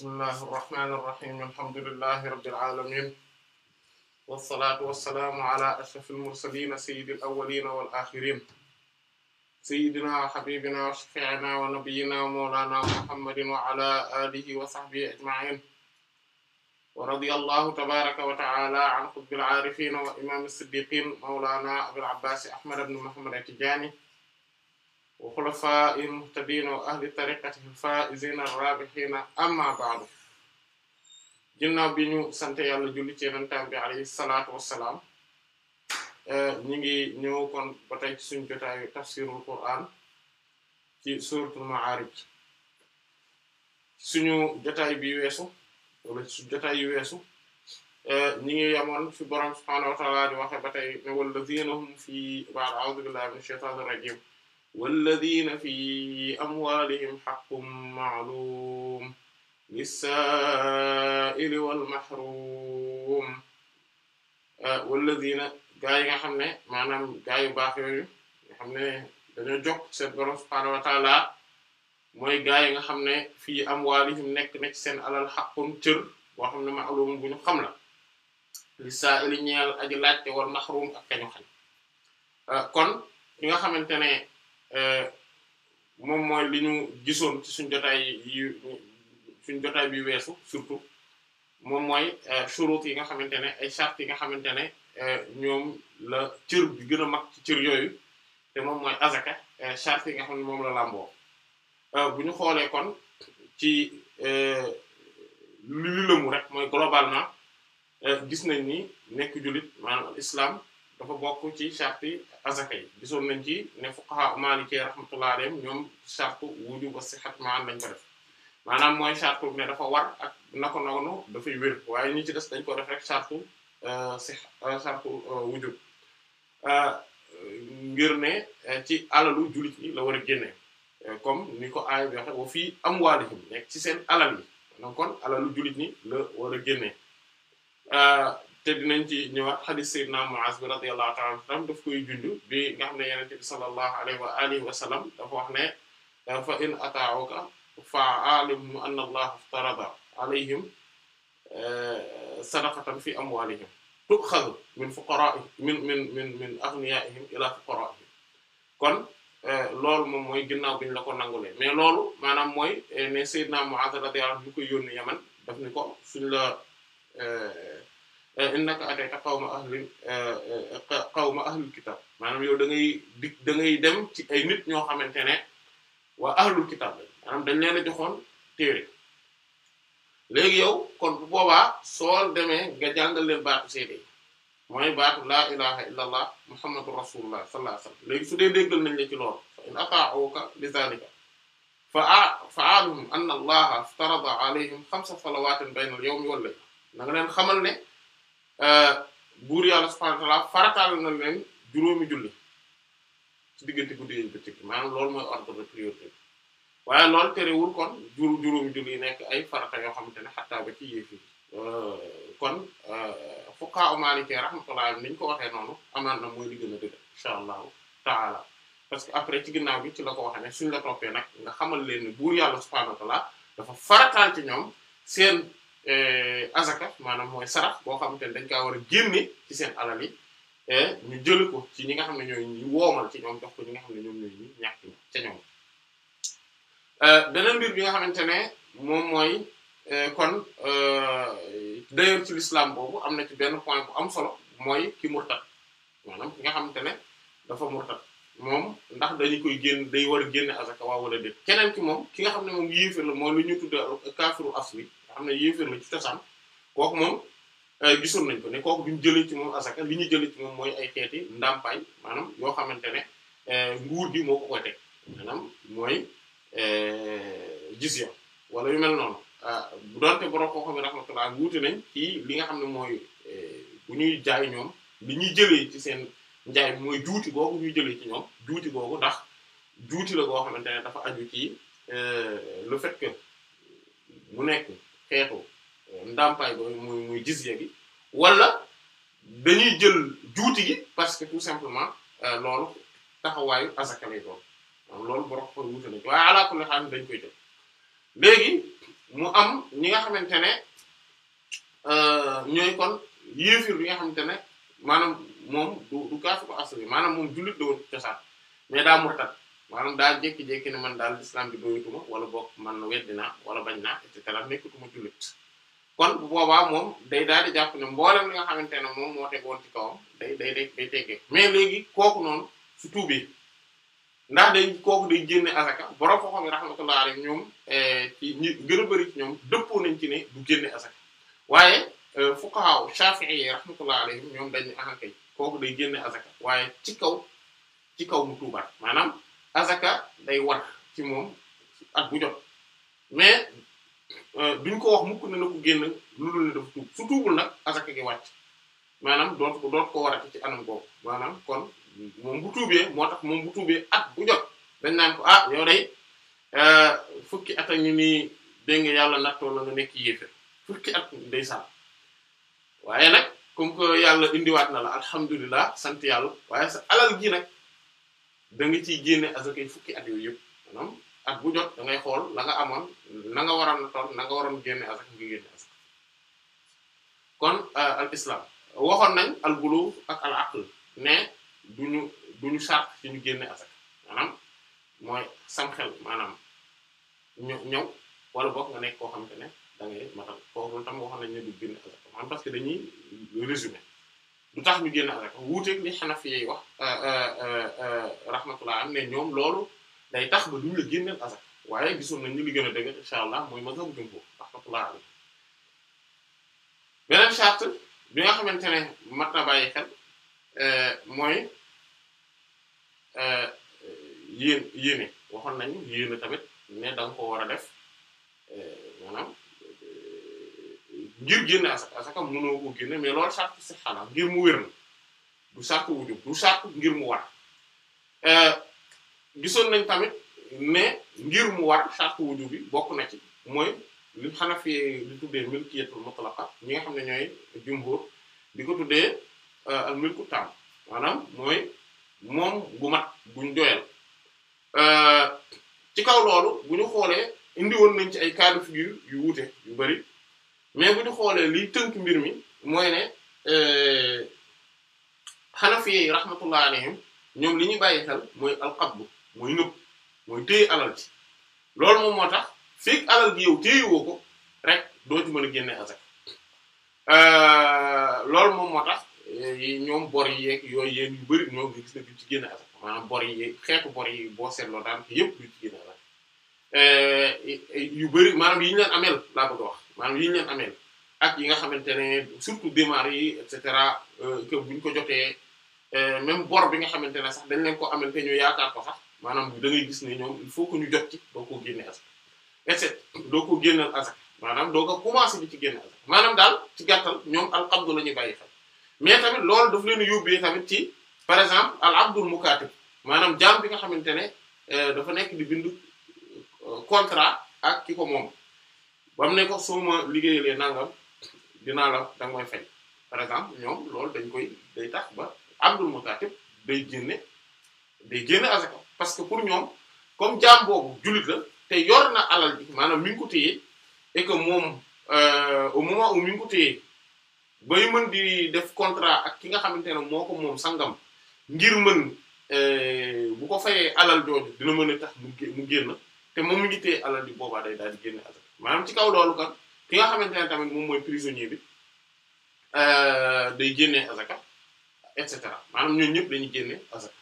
bismillahi irrahmani irrahim alhamdulilahi rabilalamin walsalaatu walsalaamu ala ashraf almursalina sayidi alawalina walaxirin sayidina wa xabibina wa shafiina wa nabiyina wa mawlana muhammadin wa ala alihi wa sahbihi ajmain wa radiya allahu tabaraka wa taala an xutbil aarifina wa imam siddiqin mawlana abil abbas ahmad ibn muhammad at-tijani wa xulafa'il muhtadin wa ahli tariqatihil faa'izina ar-raabihina amma ba'du ginnaaw bi ñu sant yàlla julli ci yenantaan bi alayhi salaatu wassalaam eh, ñi ngi ñëw kon ba ci suñu jotaayu tafsirul qur'an ci suratul ma'aarij suñu jotaay bi weesu wala weesu eh, ñi ngi yamoon fi borom subhaanahu wa waxe ba tey ne wallazina hum fii ba'da a'uuzu billahi minash rajiim والذين في أموالهم حق معلوم للسائل والمحروم والذين gaa yi nga xam ne maanaam gaa yu baax yooyu nga xam ne dañoo jokk seen borom subhaanahu wa taala mooy yi nga xam ne fii amwaalihim nekk na ci seen alal xaqun cër boo xam ne ma'luum bu xam la lisaa'ili ñeel aji laajte wal mahruum ak kañu ah, kon ki nga xamante ne Euh, moom mooy li ñu gisoon ci suñ jotaay yi suñ jotaay bi weesu surtout moom mooy euh, shurut yi nga xamante ne ay shart yi nga xamante ne euh, ñoom la cër bi gën a mag ci cër yooyu te moom mooy azaka shart yi nga xam moom la làmboo bu ñu xoolee kon ci li lëmu rek mooy globalement gis nañ ni nekk jullit maanaam al islam dafa bokk ci charte azaka yi gisoon nañ ci ne fuqaha maliki rahmatullah alayhim ñoom charte wujub wa sihhat maan lañ ko def maanaam mooy charte ne dafa war ak nako noonu dafay wér waaye ñu ci des dañ ko def rek charte euh, sih euh, euh, ngir ne ci alalu julit yi la war a génne comme ni ko aay bi waxe wa fii amwaalihim nekk ci seen alal yi donc kon alalu jullit ñi la war a génne te dinañ ci ñëwaat xadis sayyidina Muaz bi radiyallahu ta'ala anhu tam daf koy junj bi nga xam ne yonent sallallahu alayhi wa alihi wa sallam dafa wax ne fa in ata'uka fa'alim Allah iftarada alayhim eh, sadaqatan fi amwalihim tukhadhu min fuqara'ihim min min ila fuqara'ihim kon eh, loolu moom mooy ginnaaw bi ñu la ko mais loolu maanaam mooy eh, ne sayyidina Muaz radiyallahu anhu bi koy yónni Yaman daf ni ko suñ la Eh, innaka atayta qawma ahli eh, eh, qawma ahlul kitab maanaam yow da ngay dangay dem ci ay nit ñoo xamante ne waa ahlul kitab la maanaam dañ leen joxoon téere léegi yow kon bu boobaa soo demee nga jàngal leen baatu seede mooy baatu laa ilaha illa allah muhammadu rasulullah sallallahu alayhi wasallam léegi su dee déggal nañ la ci lool in ata'uka li zalika fa fa'alhum anna allaha iftarada alayhim xamsa salawatin bayna al yawmi wal layl na nga leen xamal ne Euh, buur yàlla subhaanahu wa ta'aala farataal na leen juróomi julli ci diggante guddi ak bëccëg maanaam loolu mooy ordre de priorité bi waaye loolu terewul kon juróomi julli nekk ay farata yoo xam xamante ne xattaa ba ci yéefi euh, kon euh, fuqahaa maaliki rahmatullahi ni ñu ko waxee noonu amaan na mooy li gën a dëgg insha allahu taala parce que après ci ginnaaw bi ci la ko wax ne suñ la toppee nag nga xamal leen ne buur yàlla subhaanahu wa ta'aala dafa farataal ci ñoom seen Euh, azaka maanaam mooy sarax boo xamante ne dañ kaa war a génne ci seen alal yi eh, ñu jël ko ci ñi nga xam ne ñooy ñu ci ñoom jox ko ñi nga ñoom ñooy ñu ñàkk ca ñoom euh, beneen mbir bi nga xamante ne moom mooy euh, kon d'ailleurs ci l'islam boobu am na ci benn point bu am solo mooy ki murtad maanaam ki nga xamante ne dafa murtad moom ndax dañu koy génn day war a génne azaka waa wala déet keneen ki moom ki nga xam ne moom yéefér la mooy lu ñu tudde kaafiru asli xam ne yéefér la ci cosaan kooku moom euh, gisoon nañ ko ne kooku duñ jëlee ci moom asaka li ñuy jëlee ci moom mooy ay teeti ndàmpaay maanaam yoo xamante ne euh, nguur gi moo ko koy teg maanaam mooy euh, wala yu mel noonu ah, bu doonte borom koo xam ne rahmatullah wuute nañ ci li nga xam ne mooy bu ñuy jaay ñoom li ñuy jëlee ci seen njaay mooy juuti googu ñuy jëlee ci ñoom juuti googu ndax juuti la goo xamante ne dafa aju ci le fait que mu nekk xeetu ndàmpaay boobu muy muy jizya bi wala dañuy jël juuti gi parce que tout simplement euh, loolu taxawaayu asaka lay doon loolu borom xool wuute na koy jël léegi mu am ñi nga xamante ne euh, ñooy kon yéefir bi nga xamante ne maanaam moom du du kaafiru asli maanaam moom jullit la woon cosaan mais daa murtad maanaam daal jékki-jékki ne man daal islam bi doyutuma wala boog man weddi naa wala bañ naa et cetera nekkatuma jullit kon bu boobaa moom day daal di jàpp ñoom mboolem li nga xamante ne moom moo tegoon ci kawam day day day teggee mais léegi kooku noonu su tuubee ndax day kooku day génne asaka borom koo xam ne rahmatullah alayhi ñoom eh, ci ñi gën a ñoom dëppoo nañ ci ne du génne asaka waaye eh, fuqaha shafi'i rahmatullah alayhi ñoom dañ ne ahakay kooku day génne asaka waaye ci kaw ci kaw mu tuubaat maanaam. azaka day war ci moom at bu jot mais euh, duñ ko wax mukk ne na ko génn lu dul ne dafa tuub su tuubul nag azaka gi wàcc maanaam doot ko doot ko warati ci anam googu maanaam kon moom bu tuubee moo tax moom bu tuubee at bu jot dañ naan ko ah yow day euh, fukki at a ngi nii dégg yàlla nattoo la nga nekk yéefe fukki at day sàll waaye nag comme yàlla indiwaat na la alhamdulilah sant yàlla waaye sa alal gi nag da nga ciy génne asakay fukki at yooyu yëpp maanaam at bu jot da ngay xool la nga amoon na nga waroon a toll na waroon génne asak nga génne asak kon euh, al islam waxoon nañ al gulu ak al aql ne duñu duñu fi ci ñu génne asak maanaam mooy sam xel maanaam ñu ñëw wala boog nga nekk koo xamante ne da ngay matal kooku tam waxoon nañ ne du génne parce que dañuy résumé lu tax ñu génn azaka wuuteeg li xanafi yi wax euh, euh, euh, rahmatullah am ne ñoom loolu day tax ba duñ la génneel azaka waaye gisoon nañ ñu li gën a dëgg incha allah mooy mazhabu jumhur rahmatullah alayhi beneen charte bi nga xamante ne mat na bàyyi xel mooy yéen yéene waxoon nañu yéene tamit ne da nga war a def ngir génne asaka asaka mënoo ko génne mais loolu sartu si xanaa ngir mu wér na du sartu wujub du sartu ngir mu war euh, gisoon nañ tamit ne ngir mu war sartu wujub bi bokk na ci mooy li xanaa fi li tuddee milkiyatul mutlaqa ñi nga xam ne ñooy jumhur di ko tuddee euh, al tam maanaam mooy moom gu mat buñ doyal euh, ci kaw loolu bu ñu xoolee indi woon nañ ci ay cas de yu wuute yu bari mais bu ñu xoolee liy tënk mbir mi mooy ne xanafi euh, yi rahmatullah alayhim ñoom li ñuy bàyyi xel mooy alqabdu mooy nëb mooy téye alal ci loolu moom moo tax fekk alal gi yow téye euh, loolu moom moo tax euh, ñoom bor yi yeeg yooyu yéen yu bari ñoom ñu gis ne duñ ci génne asak maanaam bor yi xeetu bor yi boo seetloo daan yëpp duñ ci génne asak yu bari maanaam yi ñu leen ameel laa bëgg maanaam yi ñu leen ameel ak yi nga xamante ne surtout démarres yi et cetera que euh, bu ñu ko jotee euh, même bor bi nga xamante ne sax dañ leen ko ameel te ñu yaakaar ko sax maanaam gis ne ñoom il ñu jot ci doo ko doo ko génneel asak maanaam doo ko commencé di ci maanaam daal ci gàttal ñoom alxamdu la ñuy bàyyi xel mais tamit loolu daf leen yóbbee tamit ci par exemple al abdul mukaatib maanaam jaam bi nga xamante ne euh, dafa nekk di bind contrat ak ki ko moom ba mu ne ko soo ma liggéeyalee nangam dinaa la danga may fay par exemple ñoom loolu dañ koy day tax ba abdul mutatib day génne day génne asaka parce que pour ñoom comme jaam boobu jullit la te yor na alal bi maanaam mi ngi ko téye et que moom euh, au moment où mi bay mën di def contrat ak ki nga xamante ne moo ko moom sangam ngir mën euh, bu ko fayee alal jooju dina mën a tax mu mu te moom mi ngi téye alal bi boobaa day daal di génne asaka maanaam ci kaw doolu kon ki nga xamante ne tamit moom mooy prisonnier bi euh, day génnee azaka et cetera maanaam ñooñu ñëpp dañuy génnee azaka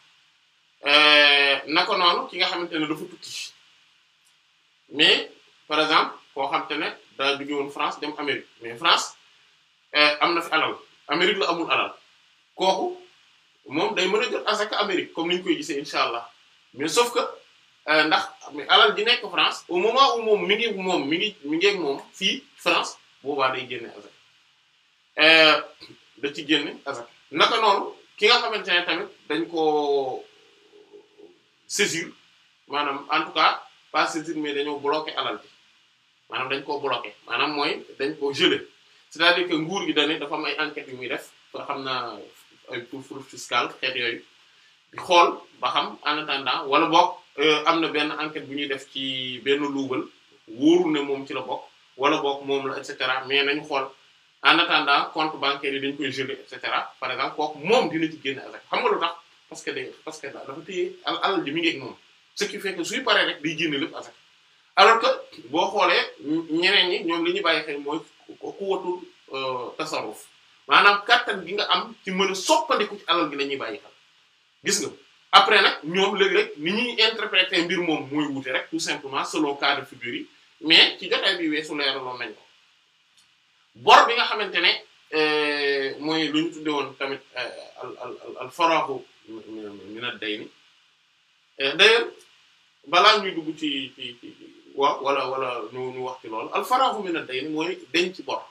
euh, naka noonu ki nga xamante ne dafa tukki mais par exemple koo xamante ne daa woon France dem Amérique mais France euh, am na fi alal Amérique la amul alal kooku moom day mën a jot azaka Amérique comme ni ñu koy gisee incha allah mais sauf que. Euh, ndax alal di nekk France au moment où moom mi ngi moom mi ngi mi ngi ak moom fii France boobaa day génne azak euh, da ci génne azak naka noonu ki nga xamante ne tamit dañ ko saisir maanaam en tout cas pas saisir mais dañoo bloqué alal bi maanaam dañ koo bloqué maanaam mooy dañ koo gelé c'est-à-dire que nguur gi dañ dafa may enquête enquêtes yu muy def xam na ay pour fraude fiscale yooyu di xool ba xam en attendant wala bokk Euh, am na benn enquête bu ñuy def ci benn luubal wóoru ne moom ci la bokk wala bokk moom la et cetera mais nañu xool en attendant compte bancaire yi dañ koy gelé et cetera par exemple kooku moom dina ci génne avec xam nga lu tax parce que day parce que dafa téye alal ji mi ngi ak moom ce qui fait que suy paree rek day génne lépp avec alors que boo xoolee ñeneen ñi ñoom li ñu bàyyi xel mooy ku watul euh, tasarruf maanaam kàttan gi nga am ci mën a soppandiku ci alal gi la ñuy bàyyi xel après nag ñoom léeg-léeg ni ñuy interpréter mbir moom mooy wuute rek tout simplement selon cas de mais ci jotaay bi weesu leeraloon nañ ko bor bi nga xamante ne euh, mooy lu ñu tudde woon tamit euh, al al al faraahu min ad-dayni euh, d'ailleurs balaa ñuy dugg ci ci ci waaw wala wala ñu ñu wax ci loolu al faraahu min ad-dayni mooy denc bor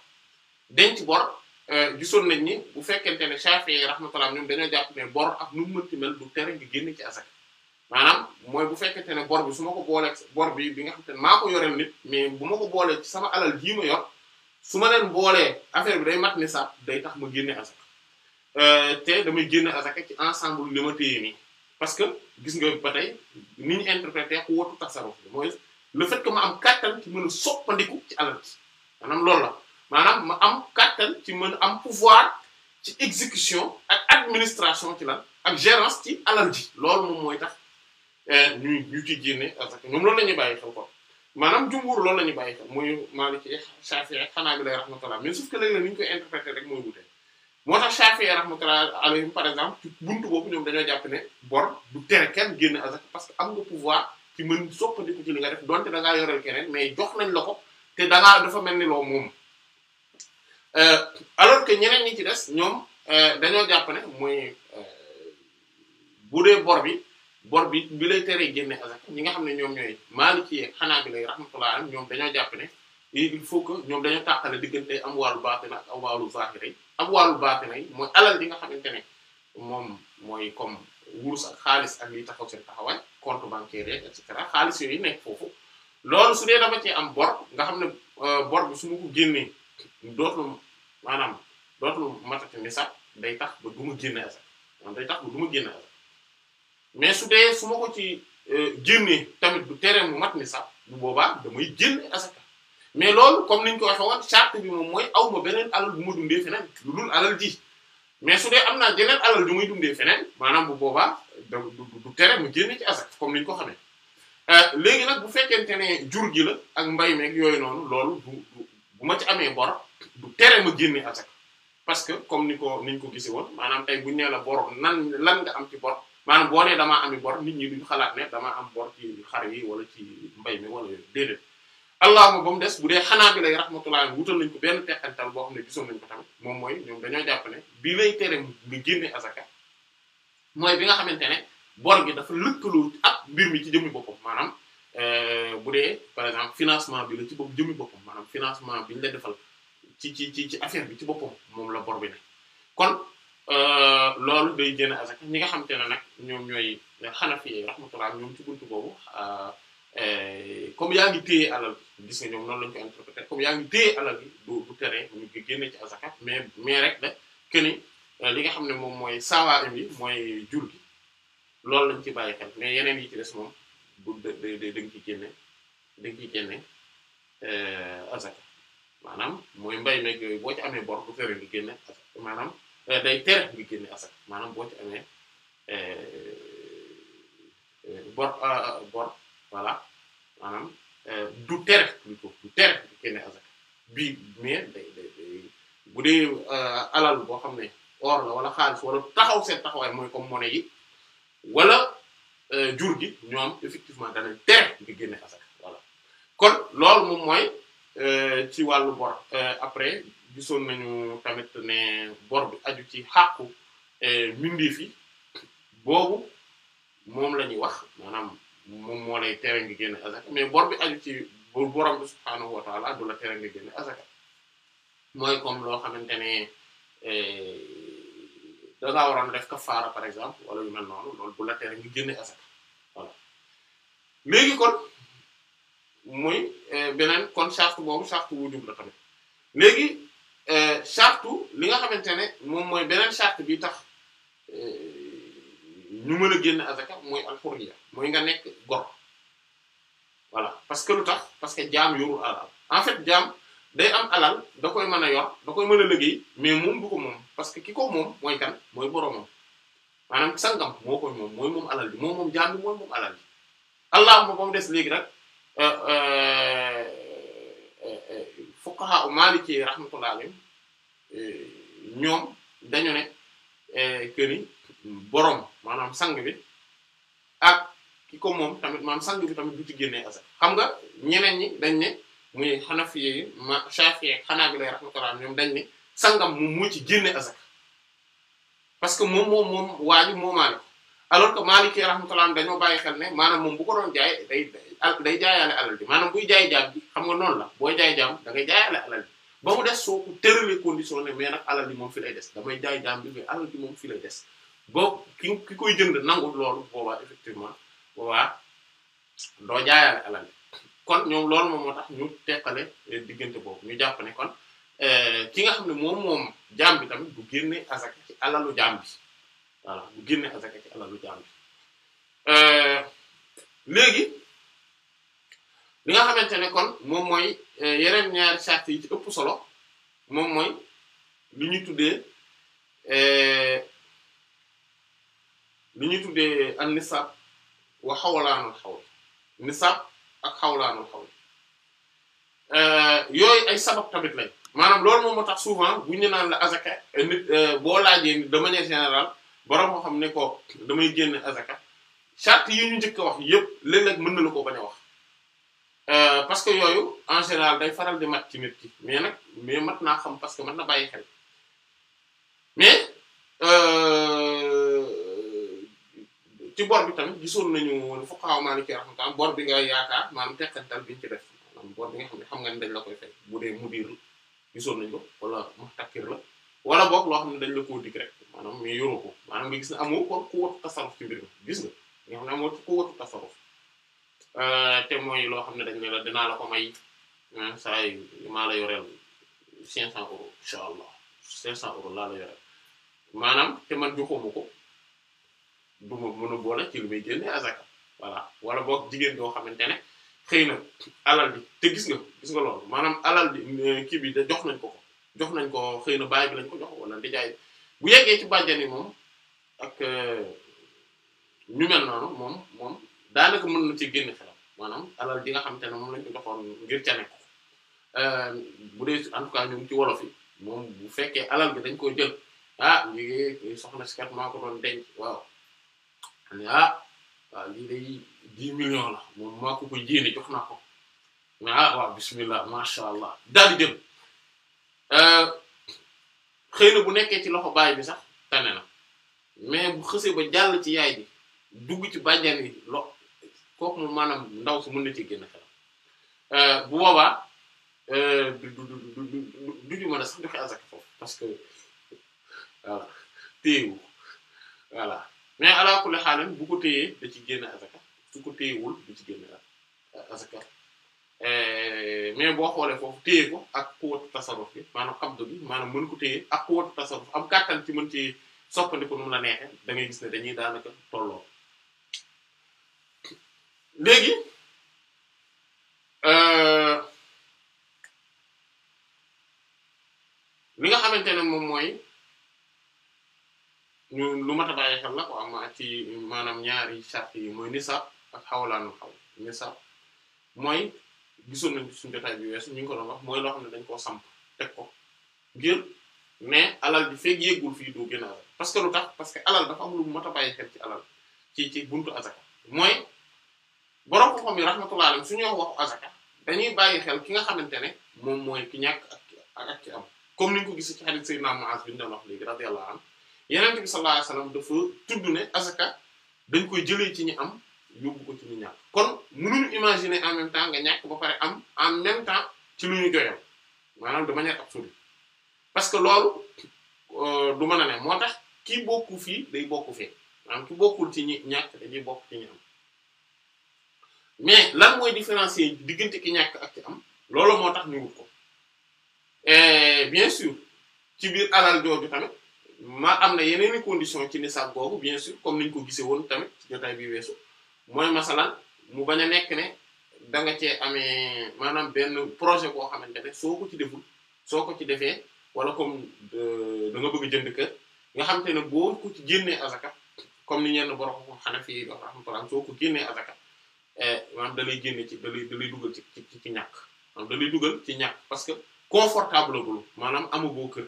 denc bor Euh, gisoon nañ ni bu fekkente ne Shafi'i rahmatullah ñoom dañoo jàpp ne bor ak nu mu mënti mel du tere nga génn ci asaka maanaam mooy bu fekkente ne bor bi su ma ko boolee bor bi bi nga xam te ne maa ko yoreel nit mais bu ma ko boolee ci sama alal jii ma yor su ma leen boolee affaire bi day mat ni sax day tax ma génne asaka euh, te damay génne asaka ci ensemble li ma téye nii parce que gis nga ba tey ni ñu interprété ku wootu tasaruf bi mooy le fait ma am kàttan ci mën a soppandiku ci alal maanaam loolu la maanaam ma am kàttan ci mën am pouvoir ci exécution ak administration ci lan ak gérance ci alal ji loolu moom mooy tax eh, ñu ñu ci génne azaka ñoom loolu la ñuy bàyyi xel ko maanaam jumhur loolu la ñuy bàyyi xel mooy Maliki Shafi'i Hanabila rahmatullah mais sauf que léeg-léeg ni ñu koy interpréter rek mooy wute moo tax Shafi'i rahmatullah alayhim par exemple ci buntu boobu ñoom dañoo jàpp ne bor du tere kenn génne azaka parce que am nga pouvoir ci mën soppandiku ci li nga def donte da ngaa yoreel keneen mais jox nañ la ko te da dafa mel ni loo moom Euh, alors que ñeneen ñi ci des ñoom euh, dañoo jàpp ne mooy euh, bu dee bor bi bor bi bi lay teree génne azaka ñi nga xam ne ñoom ñooy Maliki xanaa bi lay rahmatullah ñoom dañoo jàpp ne il faut que ñoom dañoo tàqale diggante amwaalu baatina ak amwaalu zaahira yi amwaalu baatina yi mooy alal yi nga xamante ne moom mooy comme wurus xaalis ak liy taxaw seen taxawaay compte bancaire yeeg et cetera xaalis yooyu nekk foofu loolu su dee dama ci am bor nga xam ne bor bi su ma ko génnee maanaam dootul matati nisab du ma génne asaka maanaam day tax ba du ma génne asaka mais su dee su ma ko ci euh, génne tamit du tere mu mat nisab bu boobaa damay génne asaka mais loolu comme niñ ko waxee woon charte bi moom mooy aw ma beneen alal bu ma dundee feneen lu dul alal ji mais su dee am naa jeneen alal du muy dundee feneen maanaam bu boobaa da du tere mu génne ci asaka comme niñ ko xamee euh, léegi nag bu fekkente ne jur gi la ak mbay meeg yooyu noonu loolu bu bu ma ci amee bor du tere ma génne asaka parce que comme ni ko niñ ko gise woon maanaam tey buñu nee la bor nan lan nga am ci bor maanaam boo nee damaa ami bor nit ñi duñu xalaat ne damaa am bor ci xar yi wala ci mbay mi wala yooyu déedéet ma ba mu des bu dee xanaa bi lay rahmatullahi wutal nañ ko benn teqantal boo xam ne gisoon nañ ko tamit moom mooy ñoom dañoo jàpp ne bi lay tere nga génne asaka mooy bi nga xamante ne bor gi dafa lëkkaloo ak mbir mi ci jëmmi boppam maanaam euh, bu dee par bi la ci bopp jëmmi boppam maanaam financement bi ñu la defal ci ci ci ci affaire bi ci boppam moom la bor bi ne kon euh, loolu day génn azaka ñi nga xam te ne nag ñoom ñooy xanafi rahmatullah ñoom ci buntu boobu euh, eh, comme yaa ngi téye alal bi gis nga yaa ngi téye alal bi du du tere ñu génne ci azaka mais mais rek da que euh, li nga xam ne moom mooy saawaay bi mooy jur gi loolu lañ ci bàyyi xel mais yeneen yi ci des moom bu da da da nga génne da nga maanaam mooy mbay meeg yooyu boo ci amee bor euh, boo euh, euh, bor bor voilà maanaam du tere plutôt du tere ngi génne asak bii mais day day bu dee alal boo xam ne or la wala xaalis wala taxaw seen taxawaay mooy comme monnaie wala jur gi ñoom effectivement dana tere ngi génne asak voilà kon loolu moom mooy Euh, ci wàllu bor euh, après gisoon nañu tamit ne bor bi aju ci xàqu euh, mbindeef yi boobu moom la wax maanaam moom moo lay tere nga génne azaka mais bor bi aju ci borom bi subhaanahu wa taala du la tere nga génne azaka mooy comme loo xamante ne da ngaa waroon def kafaara par exemple wala yu mel noonu loolu du la tere nga génne azaka voilà léegi kon. muy euh, beneen kon sartu boobu sartu wujub la tamit léegi sartu euh, li nga xamante ne moom mooy beneen sart bi tax euh, ñu mën a génn azaka mooy alxurriya mooy nga nekk gor voilà parce que lu tax parce que jaam yorul alal en fait day am alal da koy mën a da koy mën a liggéey mais moom du moom parce que ki ko moom mooy kan mooy boromam maanaam sangam moo koy moom mooy moom alal bi moom moom jaam bi moom alal bi allahuma ba mu des léegi rak Euh, euh, euh, fuqaha u maliki rahmatullah alayhim ñoom dañu ne que borom maanaam sang bi ak ki ko moom tamit maanaam sang bi tamit du ci génnee asaka xam nga ñeneen ñi dañ ne muy xanafi yi ma shafi'i xanaabila rahmatullah ñoom dañ ne sangam moom moo ci génne asaka parce que moom moom moom waa ji alors que Maliki rahmatullah dañoo bàyyi xel ne maanaam moom bu ko doon jaay day day jaayaale alal ji maanaam buy jaay jaam bi xam nga noonu la booy jaay jaam da ngay jaayaale alal ji ba mu des soo ko tëralee condition ne mais nag alal ji moom fi lay des damay jaay jaam bi mais alal ji moom fi lay boo ki ki koy jënd nangu loolu booba effectivement boobaa doo jaayaale alal ji kon ñoom lool moom moo tax ñu teqale eh, diggante boobu ñu jàpp ne kon eh, ki nga xam ne moom moom jaam bi tamit bu génne azaka ci alalu jaam bi voilà génne azaka ci euh, léegi li xamante ne kon moom mooy euh, yeneen ñaari charte yi ëpp solo moom mooy li ñu tuddee euh, li ñu tuddee an nisab wa xawlaanul xawl nisab ak xawlaanul xawl yooyu ay sabab tamit lañ maanaam loolu moom moo tax souvent bu ñu naan la azaka nit boo laajee de manière générale borom moo xam ne ko damay génne azaka charte yi ñu njëkk a wax yëpp léeg-léeg mën na la ko bañ a wax euh, parce que yooyu en général day faral di mat ci nit ki mais nag mais mat naa xam parce que mën na bàyyi xel mais euh, ci bor bi tamit gisoon nañu fuqaha Maliki rahmatullah bor bi nga yaakaar maanaam teqantal biñ ci def maanaam bi nga xam ne xam nga ni dañ la koy fay bu dee mudir gisoon nañu ko wala muxtakir la wala boog loo xam ne dañ la koo dig rek maanaam mais yoroo ko maanaam nga gis ne mi gis na nga xam ne amoo ku watu tasaruf euh, te mooy loo xam ne dañ ne la dinaa la ko may saa yu maa la yoreel cinq cent euros incha allah cinq cent euros laa la yoreel maanaam te man joxuma ko du ma mën a boole ci lu may génne azaka wala boog jigéen doo xamante ne xëy na alal bi te gis nga gis nga loolu maanaam alal bi euh, kii bi da jox nañ ko ko jox nañ ko xëy na baay bi lañ ko jox wala ndijaay bu yeggee ci bàjjan yi moom ak euh, ñu mel noonu moom moom daanaka mën na ci génn xelam maanaam alal ji nga xamante ne moom lañ ko doxoon ngir ca nekk euh, bu dee en tout cas ñu ngi ci wolof yi moom bu fekkee alal bi dañ koo jël ah ñu eh, soxna si kat maa ko doon denc waaw ah waaw lii day dix millions la moom maa ko ko jéene jox naa ko ah waaw bismillah macha allah daal dem. xëy na bu nekkee ci loxo baay bi sax tane na mais bu xësee ba jàll ci yaay bi dugg ci bàjjan yi lo kooku moom ndaw si mën na ci génn xelam euh, bu boobaa euh, du du du du du mën a sax joxe azaka foofu parce que voilà téyewu voilà mais alaa xaalam bu ko téyee da ci génn azaka su ko téyewul da ci génn azaka mais boo xoolee foofu téye ko ak kuwatu tasarruf bi maanaam xabdu bi maanaam mën ko téye ak kuwatu tasarruf am kàttan ci mën ci soppandiku nu mu la neexee da ngay gis ne dañuy daanaka tolloo léegi euh, li nga xamante ne moom mooy ñu lu mat a bàyyi xel la ko am ci maanaam ñaari charte yi mooy nisab ak xawlaanu xaw nisab mooy gisoon nañ suñu jotaay bi weesu ñu ngi ko doon wax mooy loo xam ne dañ koo samp teg ko ngir mais alal bi fekk yéegul fii du gën parce que lu tax parce que alal dafa am lu mat a bàyyi xel ci alal ci ci buntu azaka mooy borom ko xam yi rahmatullahi alayhi suñu wax azaka dañuy bàyyi xel ki nga xamante ne moom mooy ki ñàkk ak ak ki am comme ni ñu ko gis ci hadith Sayyidina Mu'az bi ñu doon wax léegi radiyallahu anhu Yonent bi sallallahu alayhi wasallam dafa tudd ne azaka dañ koy jëlee ci ñi am yóbbu ko ci ñu ñàkk kon mënuñu imaginer en même temps nga ñàkk ba pare am en même temps ci lu ñu joyal maanaam de manière absurde parce que loolu euh, du mën a ne moo tax kii bokku fii day bokku fee maanaam ki bokkul ci ñi ñàkk dañuy bokk ci ñi am mais lan mooy différencier diggante ki ñàkk ak ci am loolu moo tax ñu wut ko et bien sûr ci biir alal jooju tamit ma am na yeneen i conditions ci nisab boobu bien sûr comme niñ ko gisee woon tamit ci jotaay bi weesu mooy masalan mu bañ a nekk ne da nga cee amee maanaam benn projet boo xamante ne soo ko ci deful soo ko ci defee wala comme euh, da nga bëgg a jënd kër nga xamante ne boo ko ci génnee azaka comme ni ñenn borom ko Hanafi yi wax rahmatullah soo ko génnee azaka eh, maanaam da lay génne ci da lay da dugal ci ci ñàkk maanaam da lay dugal ci ñàkk parce que confortable bulu maanaam amagoo kër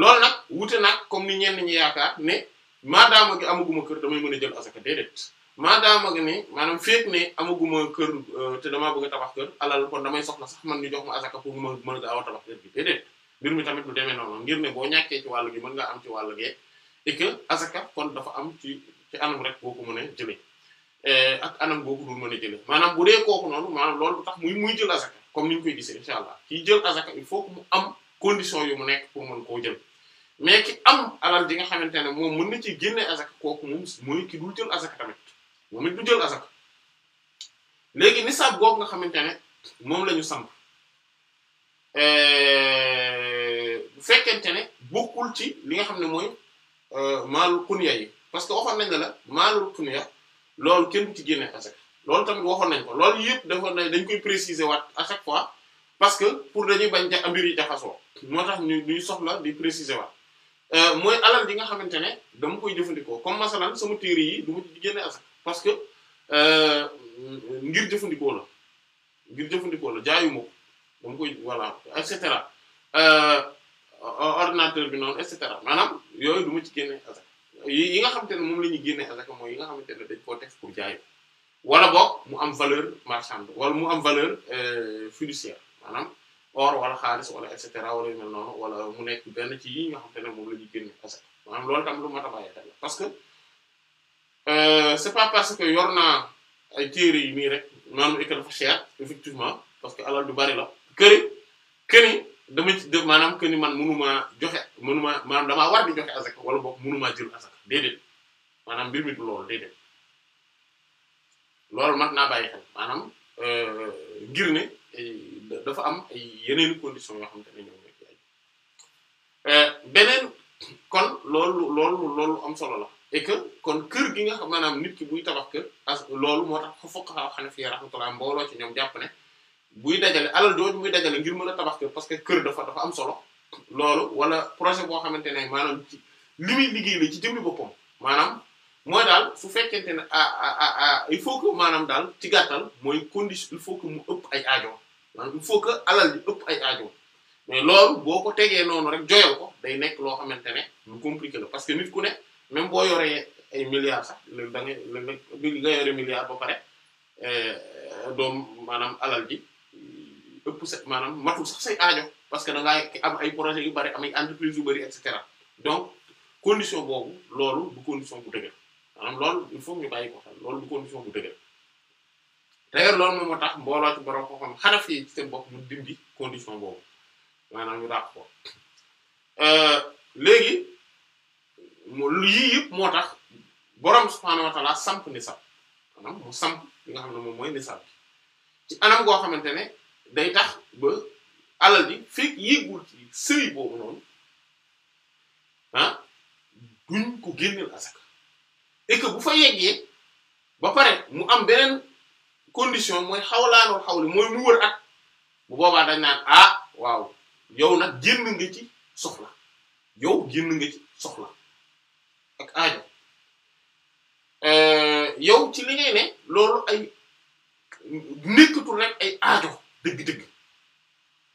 loolu nag wute nag comme ni ñenn ñi yaakaar ne maadaama gi amaguma kër damay mën a jël azaka déedéet maadaama ne maanaam féet ne amaguma kër euh, te damaa bëgg a tabax kër alal kon damay soxla sax man ñu jox ma asaka pour ma mën a gaaw a tabax kër gi déedéet mbir mi tamit lu demee noonu ngir ne boo ñàkkee ci wàll gi mën nga am ci wàll gee et a asaka kon dafa am ci ci anam rek boo ko mën a jëlee euh, ak anam boo ko dul mën a jëlee maanaam bu dee kooku noonu maanaam loolu tax muy muy jël asaka comme ni ñu koy gisee incha allah kii jël asaka il faut que mu am condition yu nekk pour mën koo jël mais am alal ji nga xamante ne moom mën na ci gën asaka kooku moom mooy ki dul jël asaka moom it du jël azak léegi nisaab goog nga xamante ne moom la ñu samp euh, bu fekkente ne bokkul ci li nga xam ne mooy euh, maalul kunya yi parce que waxoon nañ ne la maalul kunya loolu kenn ci génne azak loolu tamit waxoon nañ ko loolu yëpp dafa dañ koy préciser waat à fois parce que pour dañuy bañ a mbir yi jaxasoo moo tax ñu ñuy soxla di préciser waat euh, mooy alal yi nga xamante ne dama koy jëfandikoo comme masalan sama téere yi du ma ci génne azak parce que euh, ngir jëfandikoo la ngir jëfandikoo la jaayuma ko dama koy voilà et cetera euh, ordinateur bi noonu et cetera maanaam yooyu du ma ci génne azaka yi nga xamante ne moom la ñuy génne azaka mooy yi nga xamante ne dañ koo teg pour jaay wala boog mu am valeur marchande wala mu am valeur euh, fiduciaire maanaam or wala xaalis wala et cetera wala yu noonu wala mu nekk benn ci yi nga xam ne moom la ñuy génne azaka maanaam lool tam lu mat a bàyyi xel parce Euh, c'est pas parce que yor naa ay téere yi mi rek maanaam école dafa cher effectivement parce que alal du bari la këri këni dama ci def maanaam këni man mënumaa joxe mënumaa maanaam damaa war di joxe asaka wala boog mënumaa jël asaka déedéet maanaam mbir mi du loolu déedéet loolu mat naa bàyyi xel maanaam euh, ngir ne dafa am ay yeneen conditions yoo xamante ne ñoom ñoo ci euh, beneen kon loolu loolu loolu am solo la et kon kër gi nga xam maanaam nit ki buy tabax kër as loolu moo tax fuqaha Hanafiya rahmatullah mbooloo ci ñoom jàpp ne buy dajale alal jooju muy dajale ngir mën a tabax kër parce que kër dafa dafa am solo loolu wala projet boo xamante ne maanaam ci li liggéey la ci jëmmi boppam maanaam mooy daal su fekkente ne ah ah ah, ah il faut que maanaam daal ci gàttal mooy condition il faut mu ëpp ay ajo maanaam il faut que alal ji ëpp ay ajo mais loolu boo ko tegee noonu rek joyal ko day nekk loo xamante ne lu compliqué la parce que nit ku ne. même boo yoree ay milliards sax da ngay léeg bi nga yore milliards ba pare eh, doom maanaam alal ji ëpp sa maanaam matul sax say aajo parce que da ngaa am ay projets yu bari am entreprise entreprises yu bari et cetera donc condition boobu loolu du condition bu dëgër maanaam loolu il faut ñu bàyyi ko xel loolu du condition bu dëgër d'ailleurs loolu moom moo tax mbooloo ci borom koo xam fi yi ci seen bopp mu dindi condition boobu maanaam ñu dàq euh, léegi. moo lu yii yëpp moo tax borom subhaanahu wa ta'ala samp nisab maanaam mu samp li nga xam ne moom mooy nisab bi ci anam goo xamante ne day tax ba alal ji fekk yéegul ci sëy boobu noonu ah duñ ko génneel asaka et que bu fa yeggee ba pare mu am beneen condition mooy xawlaanoo xawli mooy mu wër at bu boobaa dañ naan ah waaw yow nag génn nga ci soxla yow génn nga ci soxla ak aajo euh, yow ci li ngay ne loolu ay nekkatul rek ay aajo dëgg-dëgg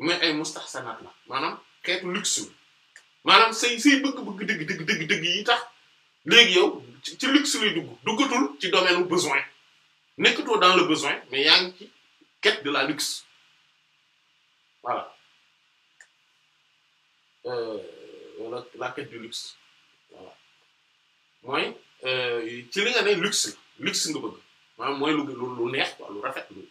mais ay mustaxsanaat la maanaam xeetu luxe maanaam say say bëgg-bëgg dëgg dëgg dëgg tax léegi yow ci luxe lay dugg duggatul ci domaine u besoin nekkatoo dans le besoin mais yaa ngi ci quête de la luxe voilà euh, la, la de du luxe mooy euh, ci li nga ne luxe la luxe nga bëgg maanaam mooy lu lu neex quoi lu rafet lu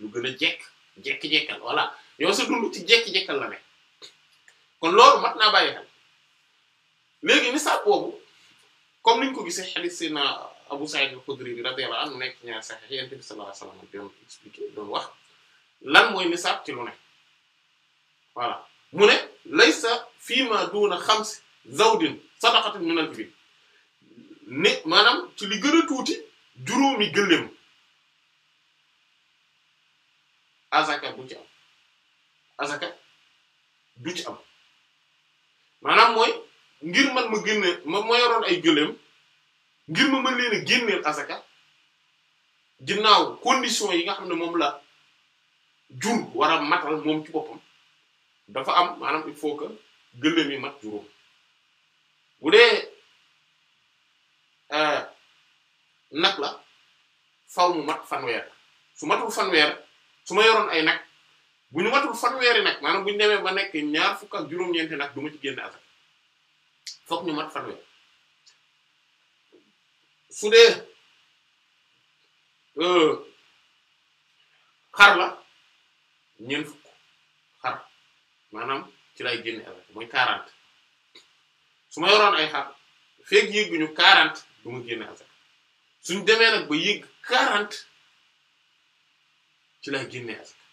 lu gën a jekk jekk-jekkal voilà yow sa dund ci jekk-jekkal la ne kon loolu mat naa bàyyi xel léegi misaal boobu comme niñ ko gisee xalis si na Abu Sa'id al-Khudri bi radiyallahu anhu nekk ñaar saxex yente bi sallallahu alayhi wasallam doon expliquer wax lan mooy misaal ci lu ne voilà mu ne laysa fii ma duuna xamsi zawdin sadaqatin min al-ibil ne maanaam ci li gën tuuti juróomi gëléem azaka bu ci am azaka du ci am maanaam mooy ngir man ma génne ma ma yoroon ay gëléem ngir ma mën leen a génneel ginnaaw condition yi nga xam ne moom la jur war a matal moom ci boppam dafa am maanaam il faut yi mat juróom bu Euh, nag la faw mu mat fanweer su matul fanweer su ma yoroon ay nag bu ñu matul fanweeri nag maanaam bu ñu ba nekk ñaar fukk ak juróom-ñeenti nag du ma ci génne asaka fokk ñu mat fanweer su dee euh, xar la ñeent fukk xar maanaam ci lay génne asaka mooy 40 su ma yoroon ay xar feeg yéeguñu 40 du ma génne asaka suñ demee nag ba yëgg quarante ci lay génne asaka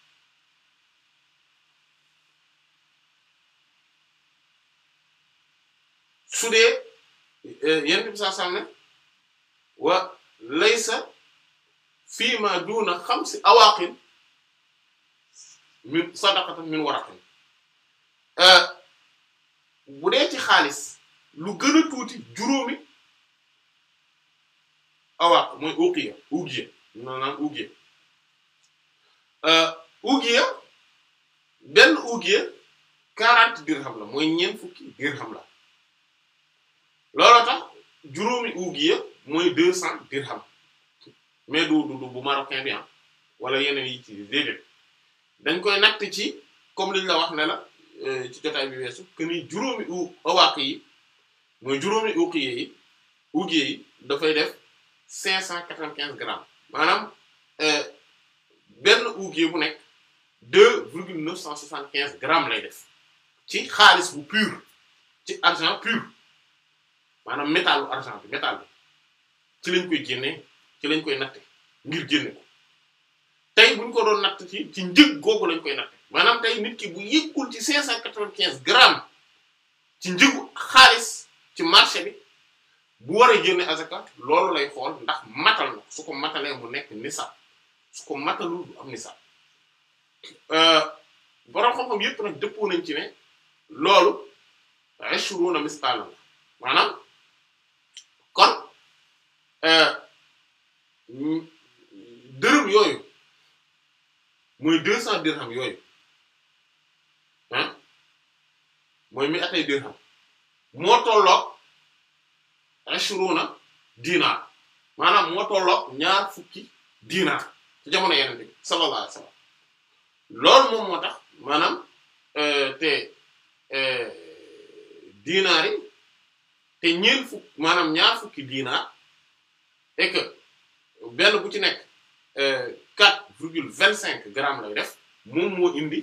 su dee eh, yenn bi saa sam wa laysa fii ma duuna xamsi awaaqin min sadaqatan min waraqin eh, bu dee ci xaalis lu gën a tuuti juróomi awaq mooy uqiya ugiya na naan ugiya euh, ugiya benn ugiya quarante dirham la mooy ñeent fukki dirham la looloo tax juróomi ugiya mooy deux cent dirham mais du du bu marocain bi am ah, wala yeneen yi ci déedéet dañ koy natt ci comme liñ la wax ne la euh, ci jotaay bi weesu que ni juróomi u awaq yi mooy juróomi uqiya yi ugiya yi dafay def cinq cent quatre-vingt-quinze grammes maanaam euh, benn ouguier bu nekk deux virgule neuf cent soixante-quinze grammes lay def ci xaalis bu pur ci argent pur maanaam metal bu argent bi métal ci lañ koy génnee ci lañ koy natte ngir génne ko tey buñ ko doon natt ci ci njëg googu lañ koy natte maanaam tey nit ki bu kul ci cinq cent quatre-vingt-quinze grammes ci njëgu xaalis ci marché bi bu war waree génne azaka loolu lay xool ndax matal na su ko matalee mu nekk nisab su ko matalul du am nisab euh, borom xam-xam yëpp nag dëppoo nañ ci ne loolu ishruna misqaala la maanaam kon euh, dërëm yooyu muy deux cent dirham yooyu ah mooy mi atay dirham moo tolloog ashruna dinar maanaam moo tolloog ñaar fukki dinar ci jamono yenente bi sallallahu alayhi wasallam moom moo tax maanaam euh, te euh, dinar yi te ñeent fukk maanaam ñaar fukki dinar et que benn bu ci nekk euh, quatre virgule vingt cinq grammes lay def moom moo indi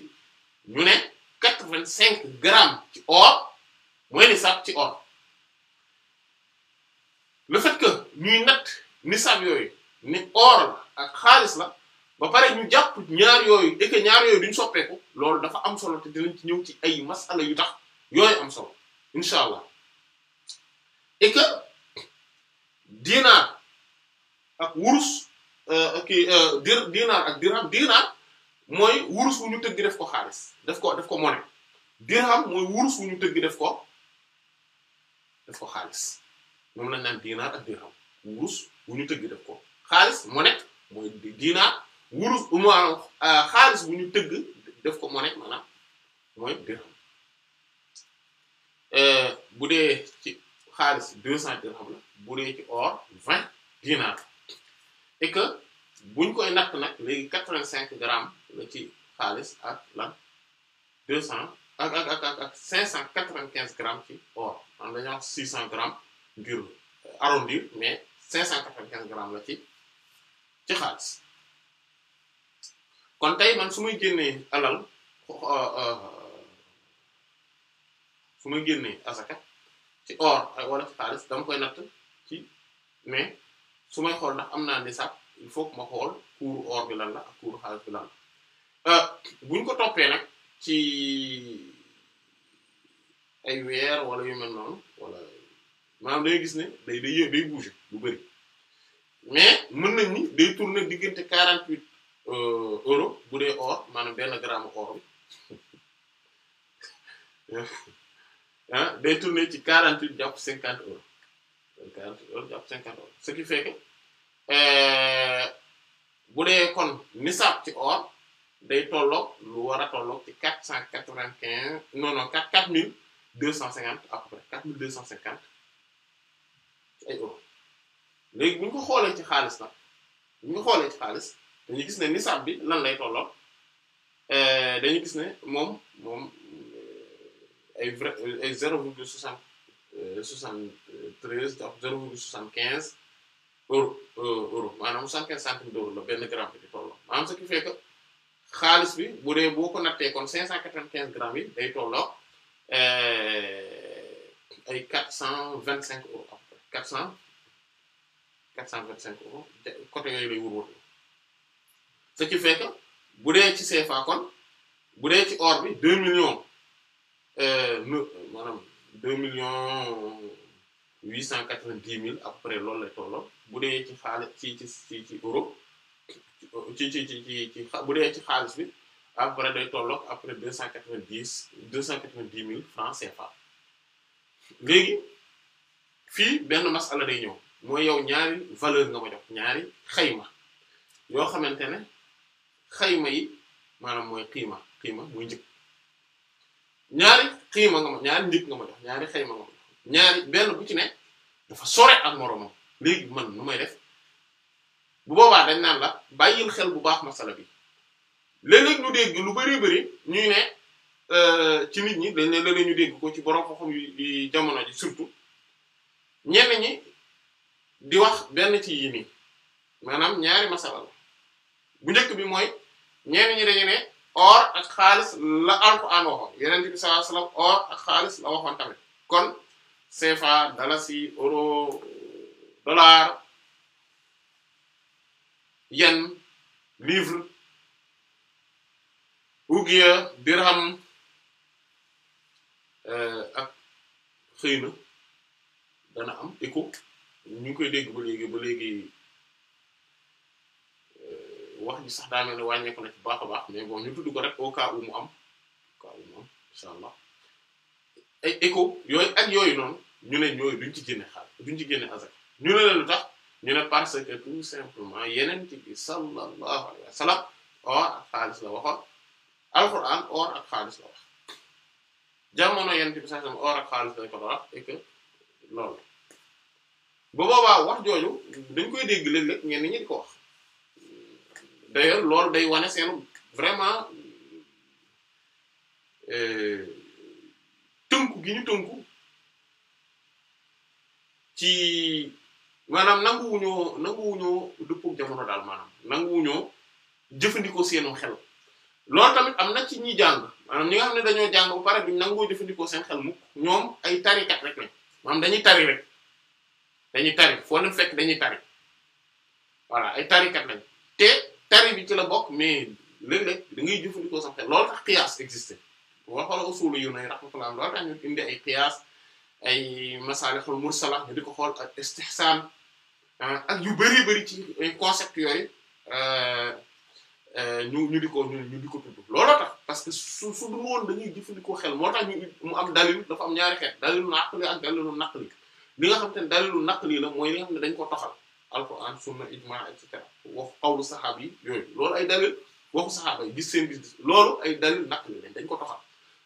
ñu ne quatre vingt cinq grammes ci or mooy ni sax ci or le fait que ñuy natt nisaab yooyu ni or ak xaalis la ba pare ñu jàpp ñaar yooyu ñaar yooyu duñ soppeeku loolu dafa am solo te dinañ ci ñëw ci ay masala yu tax yooyu am solo incha allah et que dinaar ak wurus euh, kii euh, dir dinaar ak dirham dinaar mooy wurus wu ñu tëgg def ko xaalis def ko def ko mone dirham mooy wurus wu ñu tëgg def ko def ko xaalis. moom lañ naan dinaar ak dirham wurus bu ñu tëgg def ko xaalis monnaie mooy dinaar wurus maanaam euh, xaalis bu ñu tëgg def ko monnaie maanaam mooy dirham euh, bu dee ci xaalis deux cent dirham la bu dee ci or vingt dinaar et que buñ koy natt nag léegi quatre-vingt-cinq grammes la ci xaalis ak lan deux cent ak ak ak cinq cent quatre-vingt-quinze grammes ci or am dañoo six cent grammes ngir arrondir mais cinq cent quatre quinze grammes la ci ci xaalis kon tey man su may génnee alal euh, euh, su may génnee asaka ci or wala ci xaalis dama koy natt ci mais su may xool ndax am naa nisaab il faut ma xool kuuru or bi lan la ak xaalis bi lan euh, buñ ko toppee nag ci ay weer wala yu mel noonu wala maanaam day gis ne day day yë day bouger bu bëri mais mën nañ ni day tourner diggante quarante huit euh, euros bu dee or maanaam benn gramme or bi ah, day tourner ci quarante huit jàpp cinquante euros cinquante euros ce qui fait euh, bu dee kon nisaab ci or day tolloog lu war a tolloog ci quatre cent quatre vingt quinze non non quatre mil mille deux cent cinquante à peu quatre mille deux cent cinquante ay euros léegi bu ñu xoolee ci xaalis nag bu ñu ko xoolee ci xaalis dañu gis ne nisaab bi lan lay tolloo euh, dañu gis ne moom moom euh, ay vrai ay zéro virgule soixante euh, soixante treize jàpp zéro virgule soixante quinze euro maanaam soixante quinze centimes d'euro la benn gramme bi di tolloo maanaam ce xaalis bi bu dee boo ko nattee kon cinq cent quatre vingt quinze grammes yi day tolloo ay quatre cent vingt cinq euros quatre cent quatre cent vingt cinq euros côté yooyu lay wër-wër ce qui fait bu dee ci CFA kon bu dee ci or bi deux millions euh, ne maanaam deux millions huit cent quatre-vingt-dix mille après loolu lay tolloo bu dee ci xaalis ci ci ci ci euro ci ci ci ci ci bu dee ci xaalis bi après day tolloog après deux cent quatre-vingt-dix deux mille francs CFA léegi. fii benn masala day ñëw mooy yow ñaari valeur nga ma jox ñaari xayma yoo xamante ne xayma yi maanaam mooy xiima xiima muy njëg ñaari xiima nga ma ñaari ñaari xayma nga ma ñaari benn bu ci ne dafa sore ak moroomam léegi man nu may def bu boobaa dañ naan la bàyyil xel bu baax masala bi léeg-léeg ñu dégg lu bari bari ñuy ne euh, ci nit ñi dañ ne ñu dégg ko ci borom xam-xam yi jamono ji surtout ñenn di wax benn ci yi ñaari masala bu njëkk bi mooy ñenn ñi dañu ne or ak xaalis la alxuraan waxoon yeneen bi sallallahu or ak xaalis la waxoon tamit kon CFA dalasi euro dollar yen livre ouguiya dirham eh, ak xëy dana am écho ñu ngi koy dégg ba léegi ba léegi euh, wax ji sax daa mel wàññeeku na ci baax a baax mais bon ñu tudd ko rek au cas où mu am au cas où mu am incha allah ay écho yooyu ak yooyu noonu ñu ne ñooyu duñ ci génne xaal duñ ci génne ñu ne leen lu tax ñu ne parce que tout simplement yeneen ci bi sallallahu alayhi wa sallam or ak xaalis la waxoon alquran or ak xaalis la wax jamono yeneen ci bi sax or ak xaalis lañ ko loolu. ba boobaa wax jooju dañ koy dégg léeg-léeg ñenn ñi di ko wax d'ailleurs loolu day wane seenu vraiment euh, tënku gi ñu tënku ci maanaam nanguwuñoo nanguwuñoo dëppoo ak jamono daal maanaam nanguwuñoo jëfandikoo seenu xel loolu tamit am na ci ñi jàng maanaam ñi nga xam ne dañoo jàng ba pare duñ nangoo jëfandikoo seen xel mu ñoom ay tarikat rek maanaam dañuy tari rek dañuy tari foo leen fekk dañuy tari voilà ay tarikat lañ te tari bi ci la bokk mais léeg-léeg da ngay jëfandikoo sax xel loolu tax qiyaas existé boo xoolee usulu yu ay qiyaas ay masalihul mursala di ko xool ak istihsan ah, ak yu bari bari ci ay concept yooyu euh, euh, ñu ñu di ko ñu di ko tudd parce que su su dañuy jëfandikoo xel moo tax ñu mu am dalil dafa am ñaari xeet li nga xam te ne dalilu naqli la mooy li nga xam ne dañ ko toxal alquran sunna ijma et cetera waxu xawlu yi yooyu loolu ay dalil waxu saxaaba yi gis seen gis loolu ay dalil naqli la dañ ko toxal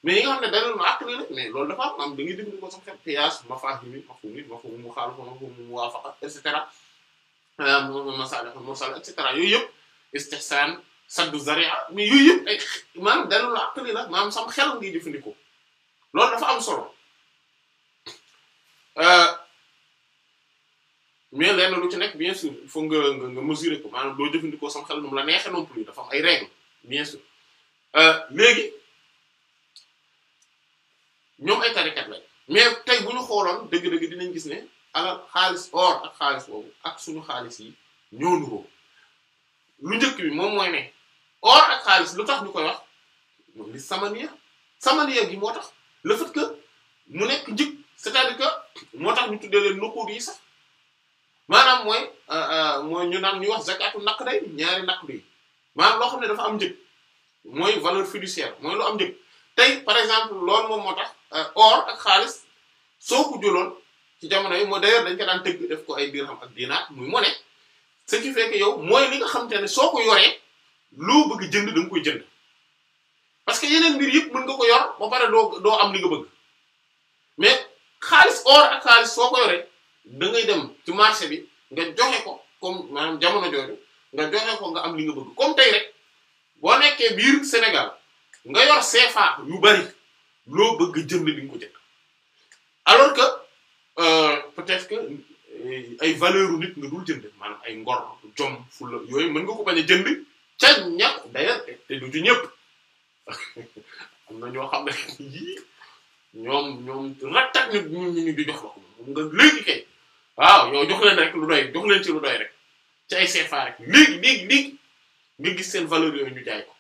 mais yi mais loolu dafa am da ngay déglu ko sax xel qiyaas mafahimi mafhumi mafhum yëpp istihsaan saddu zaria mais yooyu yëpp ay maanaam dalil naqli la maanaam sama xel ngi jëfandikoo loolu dafa am solo euh, mais leen lu ci nekk bien sûr il nga nga nga mesurer ko maanaam doo jëfandikoo sam xel moom la neexee non plus dafa ay règles bien sûr euh, léegi ñoom ay tarikat lañ mais tey bu ñu xooloon dëgg-dëgg dinañ gis ne alal xaalis or ak xaalis boobu ak suñu xaalis yi ñoo nuroo lu njëkk bi moom mooy ne or ak xaalis lu tax ñu koy wax moom li samaniya samaniya gi moo tax le fait que mu nekk njëkk c'est-à-dire moo tax ñu tuddee leen nuquud yi sax. maanaam mooy euh, euh, mooy ñu naan ñu wax zakatu naq day ñaari naq bi maanaam loo xam ne dafa am njëg mooy valeur fiduciaire mooy lu am njëg tey par exemple lool moom moo tax euh, or ak xaalis soo ko jëloon jamono yi mooy d'ailleurs dañ ko daan tëgg def ko ay dirham ak dinaar muy monnaie ce yow mooy li nga xamante ne soo ko yoree loo bëgg jënd da koy jënd parce que yeneen mbir yëpp mën nga ko yor ba pare doo doo am li nga xaalis or ak xaalis soo ko yoree da ngay dem ci marché bi nga joxe ko comme maanaam jamono jooju nga joxe ko nga am li nga bëgg comme tey rek boo nekkee biir Sénégal nga yor CFA yu bari loo bëgg jënd li nga ko jënd alors que euh, peut-être que euh, ay valeur nit nga dul jënd maanaam ay ngor jom fula yooyu mën nga ko bañ a jënd ca ñàkk te du ci ñëpp am ñoo xam ne yii ñoom ñoom rattak ñu ñu ñu di jox la ko nga léegi kay waaw yow jox leen rek lu doy jox leen ci lu doy rek ci ay CFA rek léegi léegi nga gis seen valeur yooyu ñu jaay ko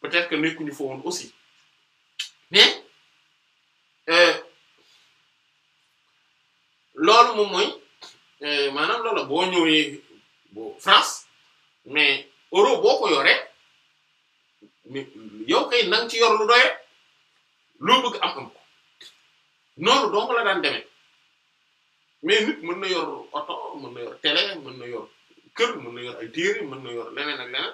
peut-être que nekkuñu fa woon aussi mais euh, loolu moom mooy euh, maanaam loola boo ñëwee boo France mais euro boo ko yoree mais kay nang ci yor lu doy loo bëgg am am noonu dong la daan demee mais nit mën na yor oto mën na yor télé mën na yor kër mën na yor ay téere mën na yor leneen ak leneen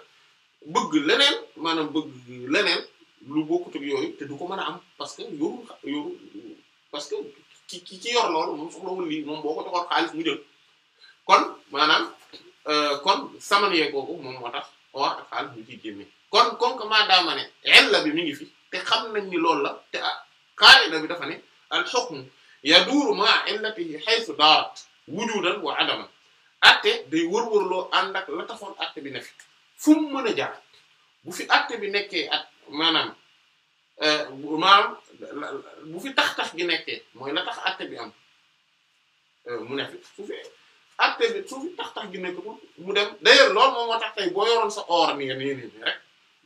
bëgg leneen maanaam bëgg leneen lu bokkut ak yooyu te du ko mën a am parce que yoru yoru parce que ki ki ci yor loolu moom soxlawul lii moom boo ko xaalis mu kon maanaam euh, kon saman yeekooku moom moo tax or xaalis mu ciy kon kon que maa daa ne la bi mi ngi fi te xam nañ ni loolu la te ah qaa'ida bi dafa ne al hukm yaduuru ma'a illatihi haythu daarat wujudan wa adaman atte day wërwërloo ànd ak la taxoon atte bi ne fu mu mën a jaar bu fi atte bi nekkee ak maanaam euh, maanaam bu fi tax-tax gi nekkee mooy la tax atte bi am euh, mu ne fi su fi atte bi su fi tax-tax gi nekk mu dem d'ailleurs loolu moom a tax tey boo yoroon sa or ni nga nii nii rek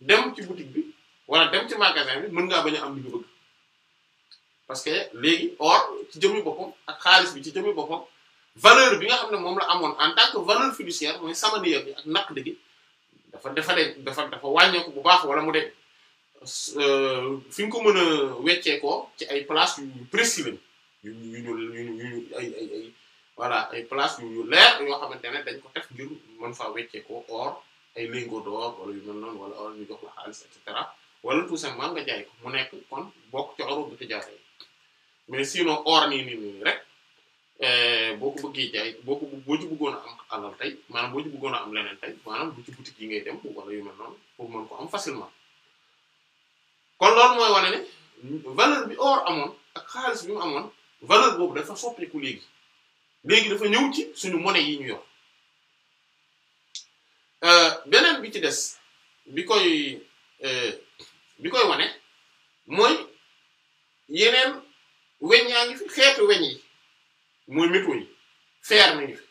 dem ci boutique bi wala dem ci magasin bi mën nga bañ a am li nga bëgg parce que léegi or ci jëmmi boppam ak xaalis bi ci jëmmi boppam valeur bi nga xam ne moom la amoon en tant que valeur fiduciaire mooy samaniya bi ak naqd gi dafa dafa dafa dafa wàññeeku bu baax wala mu dem euh, fi nga ko mën a wecceekoo ci ay place yu précis lañ yu ñu yu ñu ay ay ay voilà ay place yu leer yoo xamante ne dañ ko def ngir mën faa or ay lingots d'or wala yu mel noonu wala ñu jox la xaalis et wala tout simplement nga jaay ko mu nekk kon bokk ci oru bu tijaara yi mais sinon or nii nii nii rek eh, boo ko bëggee jaay boo ko boo ci bëggoon a am alal tey maanaam boo ci bëggoon am leneen tey maanaam bu yi ngay dem wala yu mel noonu pour mën ko am facilement kon loolu mooy wane ne valeur bi or amoon ak xaalis bi mu amoon valeur boobu dafa soppeeku léegi léegi dafa ñëw ci suñu monnaie yi ñu yor euh, beneen bi ci des bi koy. Euh, bi koy wane mooy yeneen weñ yaa ngi fi xeetu weñ yi mooy métaux yi fer mi fi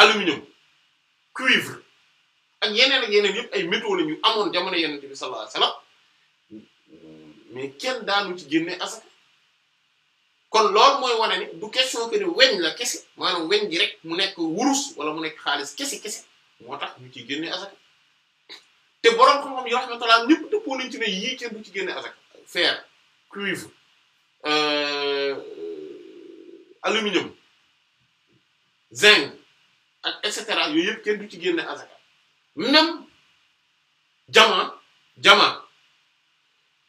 aluminium cuivre ak yeneen ak yeneen yëpp ay métaux la ñu amoon jamono Yonent bi sallallahu alayhi wasallam mais kenn daanu ci génne asaka kon loolu mooy wane ni du question que ne weñ la kese maanaam weñ gi rek mu nekk wurus wala mu nekk xaalis kese kese moo tax ñu ciy génne asaka te borom xam-xam yi rahmatullah ñëpp dëppoo nañ ci ne yii kenn du ci génne azak fer cuivre euh, aluminium zinc et cetera yooyu yëpp kenn du ci génne azaka même jama jama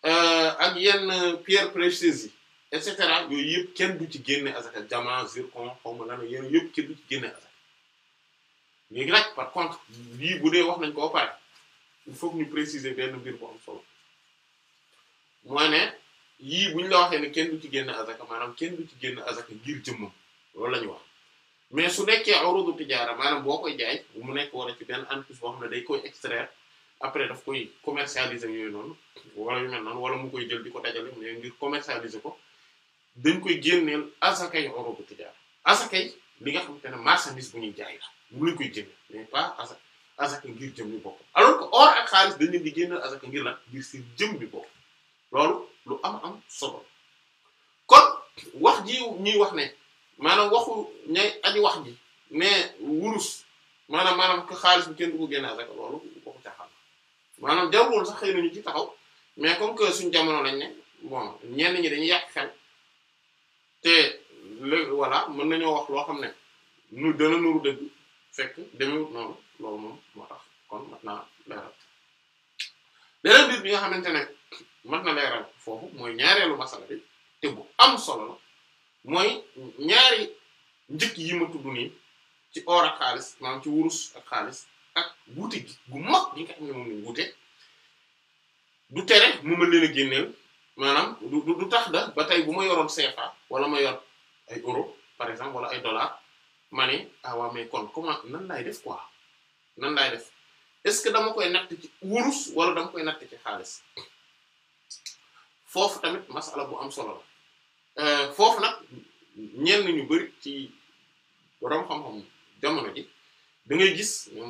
euh, ak yenn pierre précieuse yi et cetera yooyu yëpp kenn du ci génne azaka jama zircon xaw ma lan yéen yëpp kenn du ci génne azaka léegi nag par contre lii bu dee wax nañ ko ba pare il faut ñu préciser benn mbir bu am solo mooy ne yii buñ la waxee ne kenn du ci génn azaka maanaam kenn du ci génn azaka ngir jëmmam loolu la ñu wax mais su nekkee urudu tijaara maanaam boo koy jaay mu nekk wala ci benn entreprise boo xam ne day koy extraire après daf koy commercialiser yooyu noonu wala yu mel noonu wala mu koy jël di ko dajale mais ngir commercialiser ko dañ koy génneel asakay urudu tijaara asakay li nga xamante ne marchandise bu azaka ngir jëm bi bopp alors que or ak xaalis dañ leen di génneel jëm bi bopp loolu lu am am solo kon wax ji ñuy wax ne maanaam waxu ñay aji wax ji mais wurus maanaam maanaam que xaalis bu kenn du ko génne azaka loolu waxu caaxaan maanaam jarul sax xëy na ñu ci taxaw mais comme que suñ jamono lañ ne bon ñenn ñi dañuy yàq xel te léegi voilà mën nañoo wax loo xam ne nu dana nuru dëgg fekk demewut noonu. loolu moom moo tax kon mat na leeral beneen mbir bi nga xamante ne mat na leeral foofu mooy ñaareelu masala te bu am solo la mooy ñaari njëkk yi ma tudd nii ci or ak xaalis maanaam ci wurus ak xaalis ak wuute gi gu mag gi nga xam ne du tere mu mën leen a génneel maanaam du du tax da ba tey bu ma yoroon CFA wala ma yor ay euro par exemple wala ay dollar ma ne ah waa kon comment nan laay def quoi nan laay def est-ce que dama koy natt ci wurus wala dama koy naq ci xaalis foofu tamit masala bu am solo la euh, foofu nag ñenn ñu bari ci borom xam-xam jamono ji da gis ñoom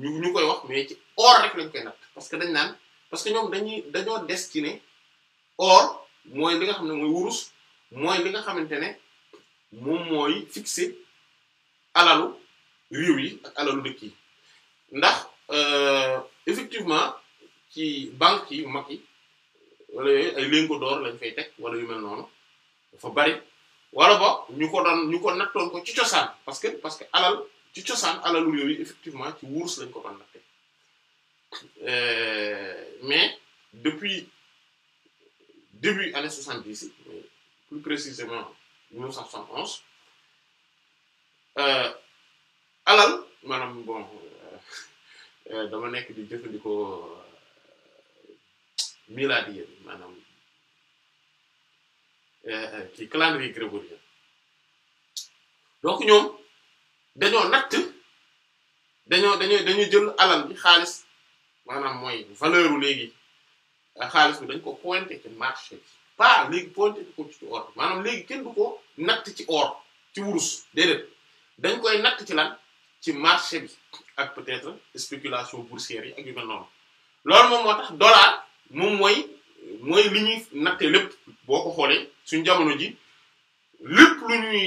ñu ñu koy wax mais ci or rek lañ koy natt parce que dañ naan parce que ñoom dañuy dañoo destiné or mooy li nga xam ne mooy wurus mooy li nga xamante ne moom mooy fixé alalu réew yi ak alalu dëkk yi ndax euh, effectivement ci banque yi mag yi wala yooyu ay lingots d'or lañ fay teg wala yu mel noonu dafa bari wala bo ñu ko doon ñu ko nattoon ko ci cosaan parce que parce que alal ci cosaan alalu yooyu effectivement ci wurus lañ ko doon natte euh, mais depuis début année soixante dix yi plus précisément mille neuf cent soixante euh, alal maanaam bon Euh, dama nekk di jëfandikoo euh, miladiya bi maanaam euh, ci calendrier grégorien donc ñoom dañoo natt dañoo dañoo dañoo jël alal bi xaalis maanaam mooy valeur léegi xaalis bi dañ ko pointé ci marché bi pas léegi pointé ko ci or maanaam léegi kenn du ko natt ci or ci wurus déedéet dañ koy natt ci lan ci marché bi ak peut-être spéculation boursière yi ak yu mel noonu loolu moom moo tax dollar moom mooy mooy li ñuy natte lépp boo ko xoolee suñ jamono ji lépp lu ñuy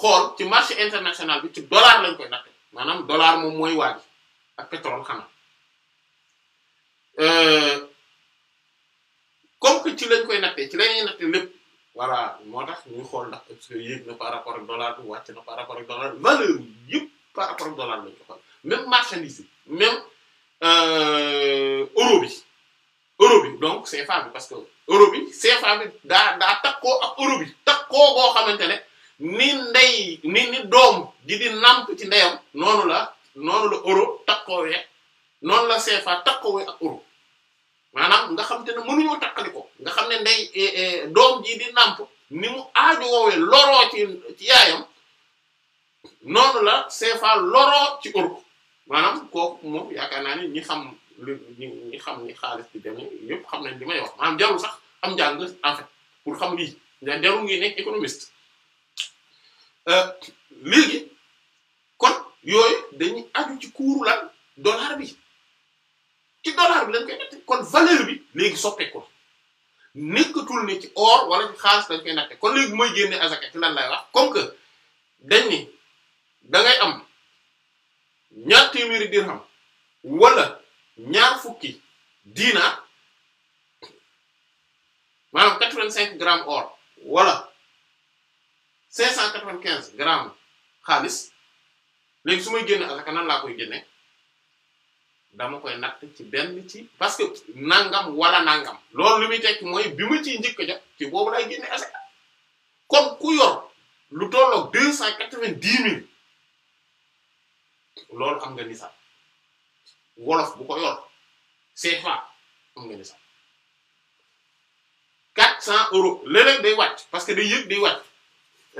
xool ci marché international bi ci dollar lañ koy natte maanaam dollar moom mooy waaj ak pétrole xanaa euh, comme que ci lañ koy nattee ci lañuy natte lépp voilà moo tax ñuy xool ndax est na par rapport ak dollar bi wàcc na par rapport ak dollar valeur yëpp par rapport ak dollar lañ ko xool même marchandise bi même euh, bi donc CFA parce que euro bi CFA bi daa daa takkoo ak euro bi takkoo boo xamante ne ni nday ni ni doom ji di namp ci ndeyam noonu la noonu la euro takkoowee noonu la CFA takkoowee ak euro maanaam nga xam te ne mënuñoo takkali ko nga xam ne ndey eh, eh, doom ji di namp ni mu aaju loroo ci yaayam noonu la CFA loroo ci Europe maanaam kooku moom yaakaar naa ni ñi xam ñi xam ni xaalis bi demee yëpp xam nañ li may wax maanaam jarul sax am njàng en pour xam lii da jarul ngi nekk économiste euh, léegi kon yooyu dañuy aju ci kuuru lan dollar bi ci dollar bi lañ koy natte kon valeur bi léegi soppeeku ko nekkatul ni ci or wala ci xaalis lañ koy natte kon léegi mooy génne azaka ci lan lay wax comme que dañ ni da am ñaar téeméeri dirham wala ñaar fukki diinaar maanaam quatre-vingt-cinq grammes or wala cinq cent quatre-vingt-quinze grammes xaalis léegi su may génne asaka nan laa koy génne dama koy natt ci benn ci parce que nangam wala nangam loolu li muy tekk mooy bi ma ci njëkk a jot ci boobu laay génne asaka comme ku yor lu tolloog deux cent quatre-vingt-dix mille loolu am nga nisab wolof bu ko yor CFA am nga nisab 400 euros léeg-léeg day wàcc parce que day yëg day wàcc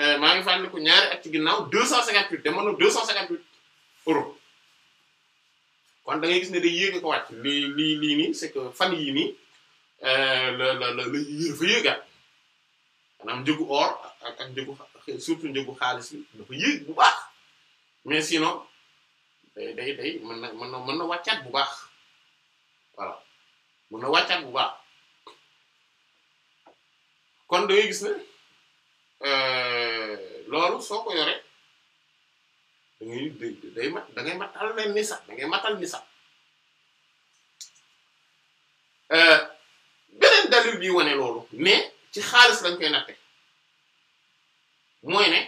euh, maa ngi fàttaliku ñaari at ci ginnaaw 258 demoon na 258 euros kon da gis ne day yéeg ko wàcc lii lii lii nii c'est que fan yii nii euh, la la la la yéeg fa yéegaat maanaam njëgu or ak ak njëgu surtout njëgu xaalis bi dafa yéeg bu baax mais sinon. day day day mën na mën na mën na wàccaat bu baax voilà mën na wàccaat bu baax kon da gis ne euh, loolu soo ko yore dangay ngay day mat da ngay matal leen ni sax da matal ni sax euh, beneen dalil bi wane loolu mais ci xaalis lañ koy natte mooy ne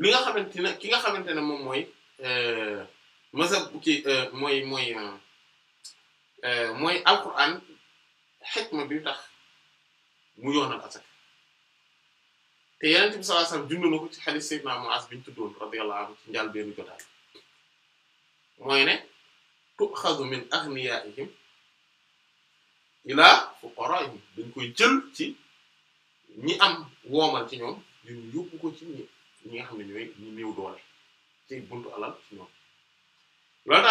li nga xamante ne ki nga xamante ne moom mooy Euh, mazhab kii euh, mooy mooy euh, mooy alquran xikma bi tax mu yoonal asaka te yeneen bi sallallahu alayhi wasallam jundu na ko ci hadith sayyidina Mu'az bi ñu tuddoon radiyallahu anhu ci njàlbéenu jotaay mooy ne tuxazu min aghniyaihim ilaa fuqaraihim dañ koy jël ci ñi am woomal ci ñoom ñu yóbbu ko ci ñi ñi nga xam ne ñooy ñi néew doole ci buntu alal ci ñoom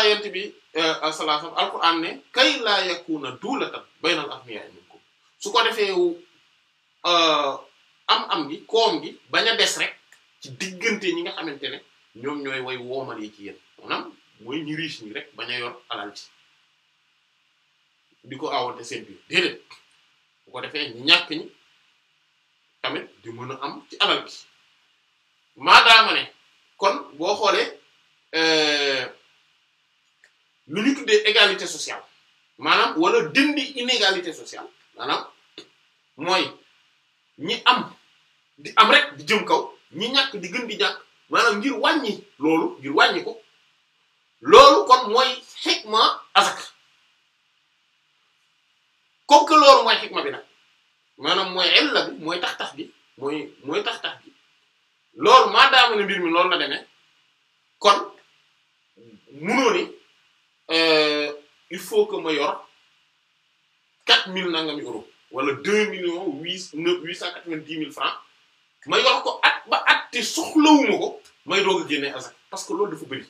yent bi euh, salaasam alquran ne kay laa yakuna duulatan baynal aghniyaa minkum su ko defee euh, am-am gi koom gi bañ a rek ci diggante ñi nga xamante ne ñoom ñooy woy woomal yi ci yéen mooy ñi riche ñi rek bañ a yor alal ci di ko awante seen biir déedéet bu ko defee ñi ñàkk ñi tamit di mën am ci alal gi maadaama ne kon boo xoolee euh, lu ñu tuddee égalité sociale maanaam wala dindi inégalité sociale maanaam mooy ñi am di am rek di jëm kaw ñi ñàkk di gën di ñàkk maanaam ngir wàññi loolu ngir wàññi ko loolu kon mooy xikma azak comme que loolu mooy xikma bi nag maanaam mooy illa bi mooy tax tax bi mooy mooy tax tax bi loolu maadaama ne mbir mi loolu la demee kon munoo euh, il faut que ma yor quatre mille nangami euros wala deux millions huit neuf huit cent quatre-vingt-dix mille francs ma yor ko at ba at te soxlawuma ko may doog a génnee asak parce que loolu dafa bëri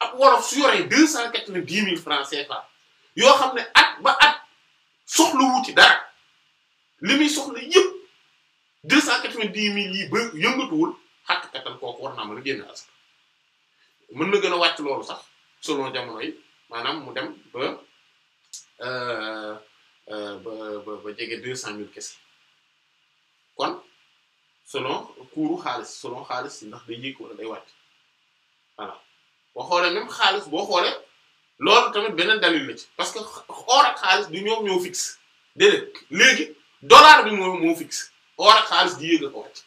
ab wolof su yoree deux cent quatre-vingt-dix mille francs CFA yoo xam ne at ba at soxla wuti dara li muy soxla yëpp deux cent quatre-vingt-dix mille yi ba yëngatuwul xàq kattan kooku war naa mën a génn asaka mën na gën a wàcc loolu sax solo jamono yi maanaam mu dem euh, euh, ba ba ba jege deux cent mille kese kon solo kuuru xaalis selon xaalis ndax day yéeg wala day wàcc voilà boo xoolee même xaalis boo xoolee loolu tamit beneen dalil la ci parce que or ak xaalis du ñoom ñoo fixe déedéet léegi dollar bi moo moo or ak xaalis di yéeg ak wàcc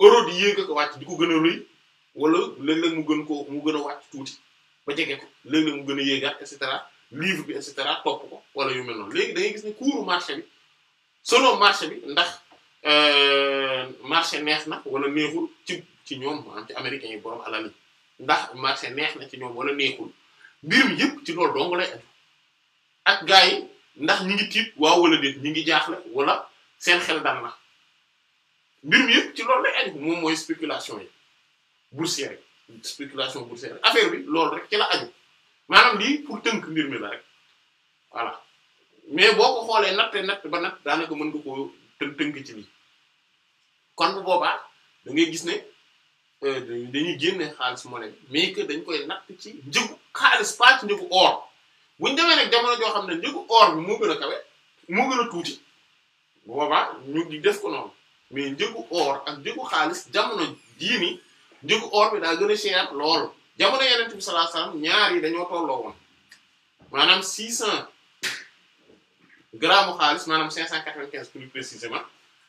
euro di yéeg ak wàcc di ko gën a rëy wala léeg-léeg mu gën ko mu gën a wàcc tuuti ba jege ko léeg-léeg mu gën a yéegaat et cetera livre bi et cetera topp ko wala yu mel noonu léegi da ngay gis ne kuuru marché bi selon marché bi ndax euh, marché neex na wala neexul ci ci ñoom maanaam ci américains yi borom alal ndax marché neex na ci ñoom wala neexul mbir mi ci loolu dong lay ak gaa yi ndax ñi ngi tiit waaw wala déet ñi ngi jaaxle wala. seen xel dal na mbir mi ci loolu lay aju moom mooy spéculation yi boursière yi spéculation boursière affaire bi loolu rek ci la aju maanaam lii pour tënk mbir mi la rek voilà mais boo ko xoolee natt natt ba natt daanaka mën nga koo tënk ci lii kon boobaa da gis ne euh, dañuy génne xaalis monnaie mais que dañ koy natt ci njëgu xaalis pas ci njëgu or bu ñu demee nag jamono joo xam ne njëgu or bi moo gën a kawe moo gën a tuuti. boobaa ñu di def ko noonu mais njëgu or ak njëgu xaalis jamono jii nii njëgu or bi daa gën a cher lool jamono yeneen bi sallallahu alayhi wasallam ñaar yi dañoo tolloo woon maanaam 600 grammes xaalis maanaam 595 plus précisément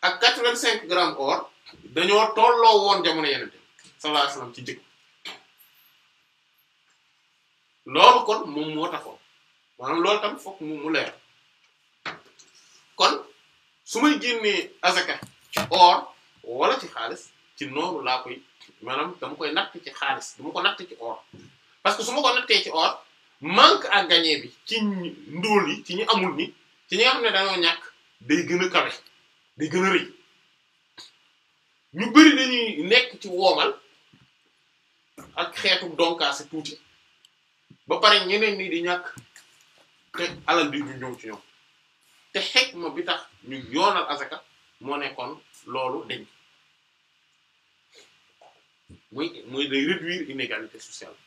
ak 85 grammes dañoo tolloo woon jamono yeneen bi sallallahu ci njëg loolu kon moom moo taxoon maanaam loolu tam fokk mu mu leer kon. su may génnee azaka ci or wala ci xaalis ci noonu laa koy maanaam dama koy natt ci xaalis dama ko natt ci or parce que su ma ko nattee ci or manque à gagner bi ci ndóol yi ci ñi amul ni ci ñi nga xam ne dañoo ñàkk day gën a kawe day gën a rëy ñu bari dañuy nekk ci woomal ak xeetu donkaase tuuti ba pare ñeneen ni di ñàkk te alal di du ñëw ci ñoom te xikma bi tax ñu yoonal azaka moo nekkoon loolu dañ muy muy day réduire inégalité sociale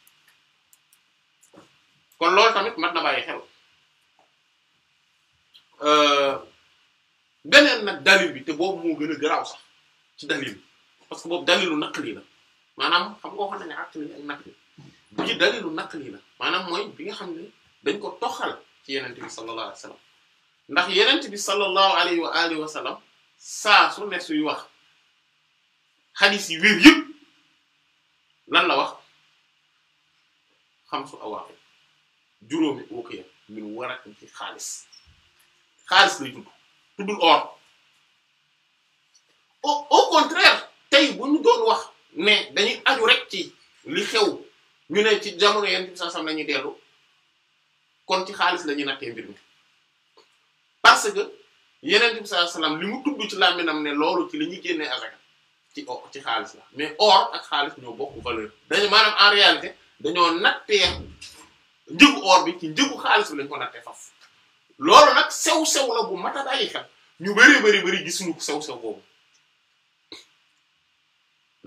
kon loolu tamit mat na bàyyi xel euh, beneen nag dalil bi te boobu moo gën a garaaw sax ci dalil parce que boobu dalilu naqli la maanaam xam nga waxoon nañu àqli ak naqli bu ci dalilu naqli la maanaam mooy bi nga xam ne dañ ko toxal ci yeneen yenente bi sallallahu alayhi wasallam ndax yenent bi sallallahu alayhi wa alihi wa sallam saa su ne suy wax xadis yi wér yëpp lan la wax xam su awaaxi juróomi uqiya min waraqin fi xaalis xaalis lay tudd tuddul or au au contraire tey bu ñu doon wax ne dañuy aju rek ci li xew ñu ne ci jamono yenn saa sam la ñuy dellu kon ci xaalis lañuy ñuy mbir mi parce que yeneen bi sallallahu alayhi li mu tudd ci làmminam ne loolu ci li ñuy génnee azaka ci o ci xaalis la mais or ak xaalis ñoo bokk valeur dañu maanaam en réalité dañoo nattee njëgu or bi ci njëgu xaalis bi lañ ko nattee faf loolu nag sew-sew la bu mat a bàyyi xel ñu bari bari bari gisuñu sew-sew boobu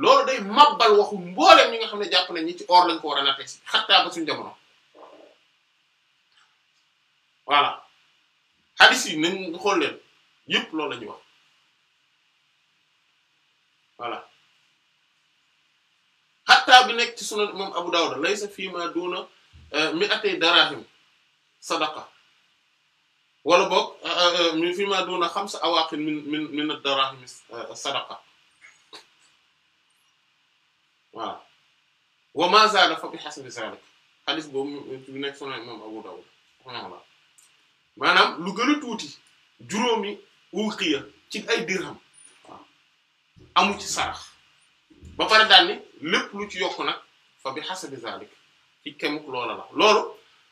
loolu day mabbal waxu mbooleem ñi nga xam ne jàpp nañ ñi ci or lañ ko war a nattee si xattaa ba suñu jamono voilà hadith yi nañ xool leen loolu la wax voilà xataa bi nekk ci sunan imam Abu Dawud laysa fii ma duna euh, mi'ati darahim sadaqa wala boog euh, euh, mi ma duna xamsa awaqin min min darahim sadaqa voilà wa ma zaada fa bi hasbi zalik hadith boobu nekk sunan imam Abu Dawud maanaam lu gën a tuuti juróomi uqiya ci ay dirham waaw ci sarax ba pare daal lépp lu ci yokk nag fa bi hasabi zalik ci kemuk loola la loolu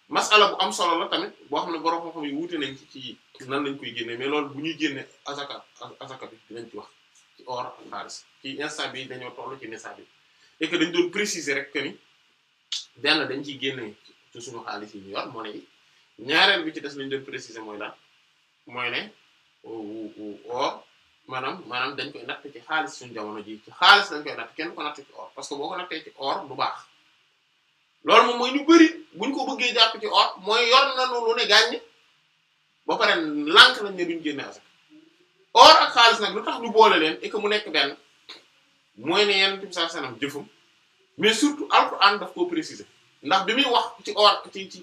masala bu am solo la tamit boo xam ne borom xam-xam yi wuute nañ ci nan lañ koy génnee mais lool bu ñuy génne azaka azaka bi dinañ ci wax ci or ak xaalis ci instant bi dañoo toll ci nisaab bi et que dañ doon préciser rek que ni benn dañ ciy génne ci suñu xaalis yi ñu yor monnaie yi ñaareel bi ci des lañu doon préciser mooy la mooy ne or maanaam maanaam dañ koy natt ci xaalis suñu jamono ji ci xaalis dañ koy natt kenn ko natt ci or parce que boo ko nattee ci or du baax loolu moom mooy ñu bu buñ ko bëggee jàpp ci or mooy yor nañu lu ne gàññ ba pare lànk nañ ne duñ génne asaka or ak xaalis nag lu tax ñu boole leen et mu nekk benn mooy ne yenn tib saa sanam jëfum mais surtout alquran daf koo préciser ndax bi muy wax ci or ci ci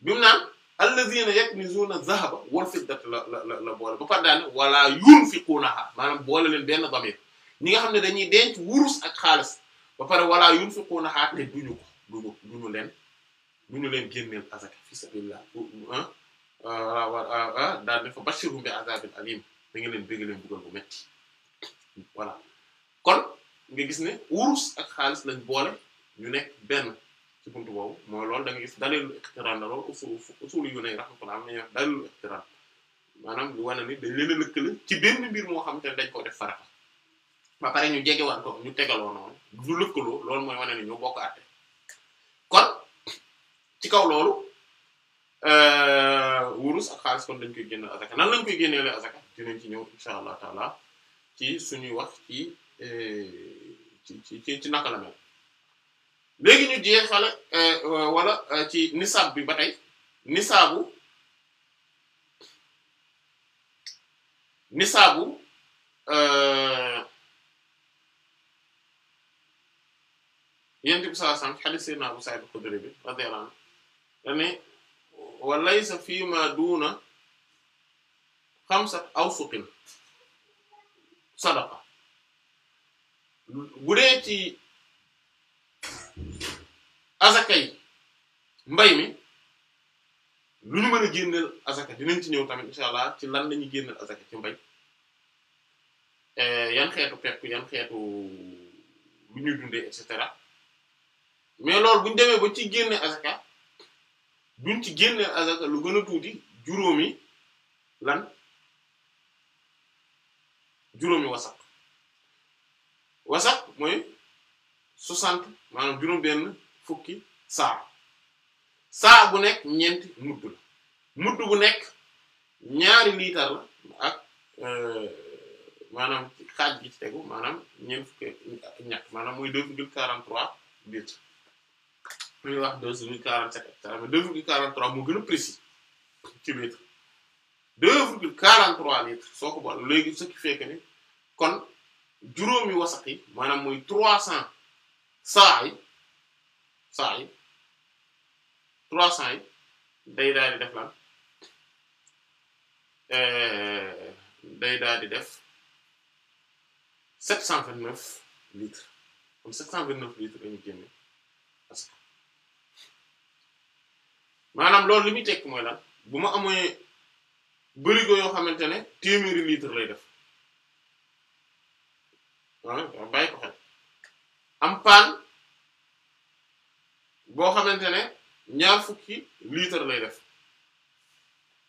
bi mu naan allazina yaknizuna zahaba wal fiddata la la la boole ba pare daane wala yunfiqunaha maanaam boole leen benn damir ñi nga xam ne dañuy denc wurus ak xaalis ba pare wala yunfiqunaha te duñu ko duñu duñu leen duñu leen génneel azaka fi sabilillah ah, ah, ah, ah daal dafa bashirhum bi azabin alim da ngeen leen bëgg leen buggal bu metti voilà kon nga gis ne wurus ak xaalis lañ boole ñu nekk benn. ci buntu boobu moo loolu da gis dalilu iqtiraan la usul usul yu ne rahmatullah am nañu wax dalilu iqtiraan maanaam lu wane ni dañ leen a lëkkale ci benn mbir moo xam ne dañ ko def ñu jegewaat ko ñu tegaloo noonu du lëkkaloo loolu mooy wane ni ñoo bokk àtte kon ci kaw loolu euh, wurus ak xaalis kon dañ koy génne nan lañ koy génneele azaka dinañ ci ñëw insha allah taala ci suñuy wax euh, ci ci ci ci naka la mel léegi ñu jeexale euh, euh, wala euh, ci nisaab bi ba tey nisaabu nisaabu yent bi sallallahu alayhi wasallam hadith sayyidina Abu Sa'id al-Khudri bi radiyallahu anhu dane wa laysa fima duna xamsat awsuqin sadaqa bu dee ci azaka yi mbay mi lu ñu mën a génneel azaka dinañ ci ñëw tamit incha allah ci lan lañuy génneel azaka ci mbay eh, yan xeetu pepp yan xeetu lu ñu dundee et cetera mais loolu buñ demee ba ci génne azaka duñ ci génneel azaka lu gën a tuuti juróomi lan juróomi wasak wasak mooy soixante maanaam juróom benn fukki saa saa bu nekk ñeenti mudd la mudd bu nekk ñaari liitar la ak euh, maanaam xaaj gi ci tegu maanaam ñeent fukki ñett maanaam mooy deux virgule quarante trois litres muy wax deux virgule quarante sept quarante ci litre deux virgule quarante trois litres soo ko léegi ce qui ni kon juróomi wasaq yi maanaam mooy trois cents saa yi cent yi trois cent yi day daal di def lan euh, day daal di def sept cent vingt neuf litres comme sept cent vingt neuf litres lañu génne parce que maanaam loolu li muy tekk mooy lan bu ma amee bërigo yoo xamante ne téeméeri litre lay def ah bàyyi ko xel am paan boo xamante ne ñaar fukki litre lay def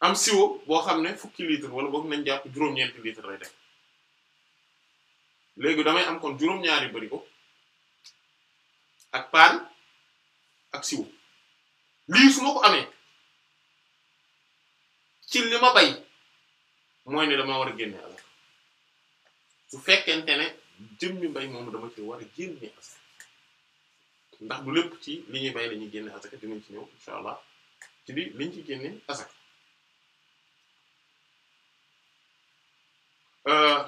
am siwo boo xam ne fukki litre wala boog nañ jàpp juróom-ñeenti litre lay def léegi damay am kon juróom-ñaari barigo ak paan ak siwo lii su ma ko amee ci li ma bay mooy ne dama war a génne alal su fekkente ne jëmmi bay moom dama ci war a génne alal ndax bu lépp ci li ñuy bay la ñuy génne asaka dinañ ci ñëw incha allah ci li liñ ci génne asaka euh,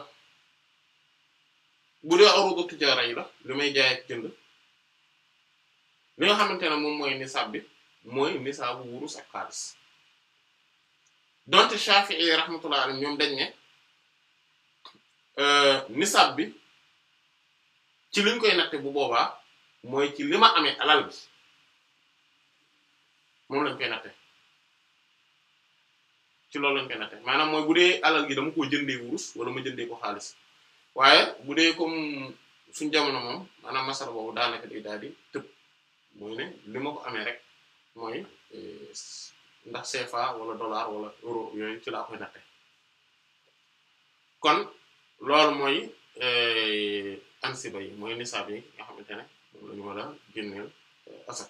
bu dee arudu tijaara yi la li may jaay jënd li nga xamante ne moom mooy nisaab bi mooy nisaabu wurus ak xaalis donte Shafi'i rahmatullah alayhi ñoom dañ ne euh, nisaab bi ci liñ koy natte bu boobaa mooy ci li ma amee alal bi moom lañ koy natte ci loolu lañ koy natte maanaam mooy bu dee alal gi dama koo jëndee wurus wala ma jëndee ko xaalis waaye bu dee comme suñ jamono moom maanaam masar boobu daanaka day daal di tëb mooy ne li ma ko amee rek mooy eh, ndax CFA wala dollar wala euro yooyu ci laa koy natte kon loolu mooy eh, ansiba yi mooy nisaab yi nga xamante ne moom lañu euh,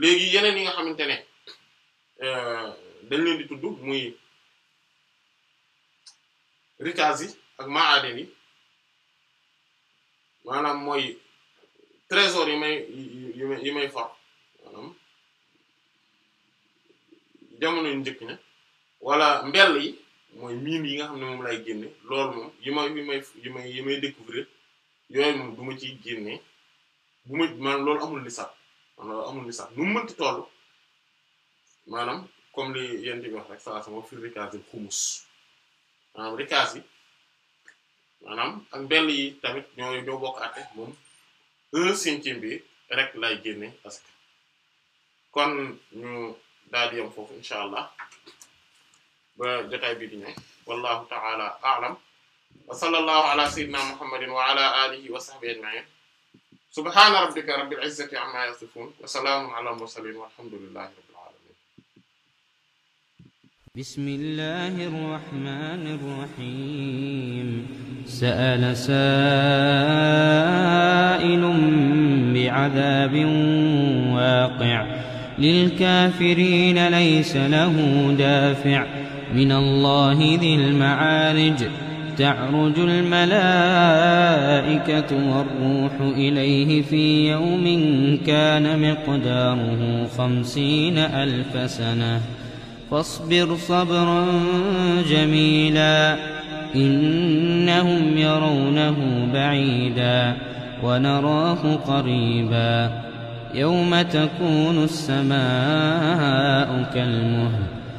léegi yeneen yi nga xamante ne euh, dañ leen di tudd muy rikaas yi ak maaden yi maanaam mooy trésor yi may yi may for maanaam jamono yu njëkk ne wala mbell yi mooy miin yi nga xam ne moom lay génne loolu moom yi may yi may yi may yi may yooyu moom du ma ci génne bu ma maanaam loolu amul ni sax man loolu amul ni sax nu mu mënti toll maanaam comme li yéen di wax rek saa sama fi rikaas yi xumus maanaam rikaas maanaam ak bell yi tamit ñoo ñoo moom un cinquième bi rek lay génne parce que kon ñu daal di foofu incha allah ba jotaay bi di ñëw wallahu ta'ala a'lam wa sallallahu ala sayyidina muhammadin wa ala alihi wa sahbihi ajma'in subhana rabbika rabbil izzati amma yasifun wa salamun ala mursalin walhamdulillahi rabbil alamin bismillahir rahmanir rahim sa'ala sa'ilun bi'adabin waqi' lilkafirina laysa lahu dafi' من الله ذي المعارج تعرج الملائكة والروح إليه في يوم كان مقداره خمسين ألف سنة فاصبر صبرا جميلا إنهم يرونه بعيدا ونراه قريبا يوم تكون السماء كالمهل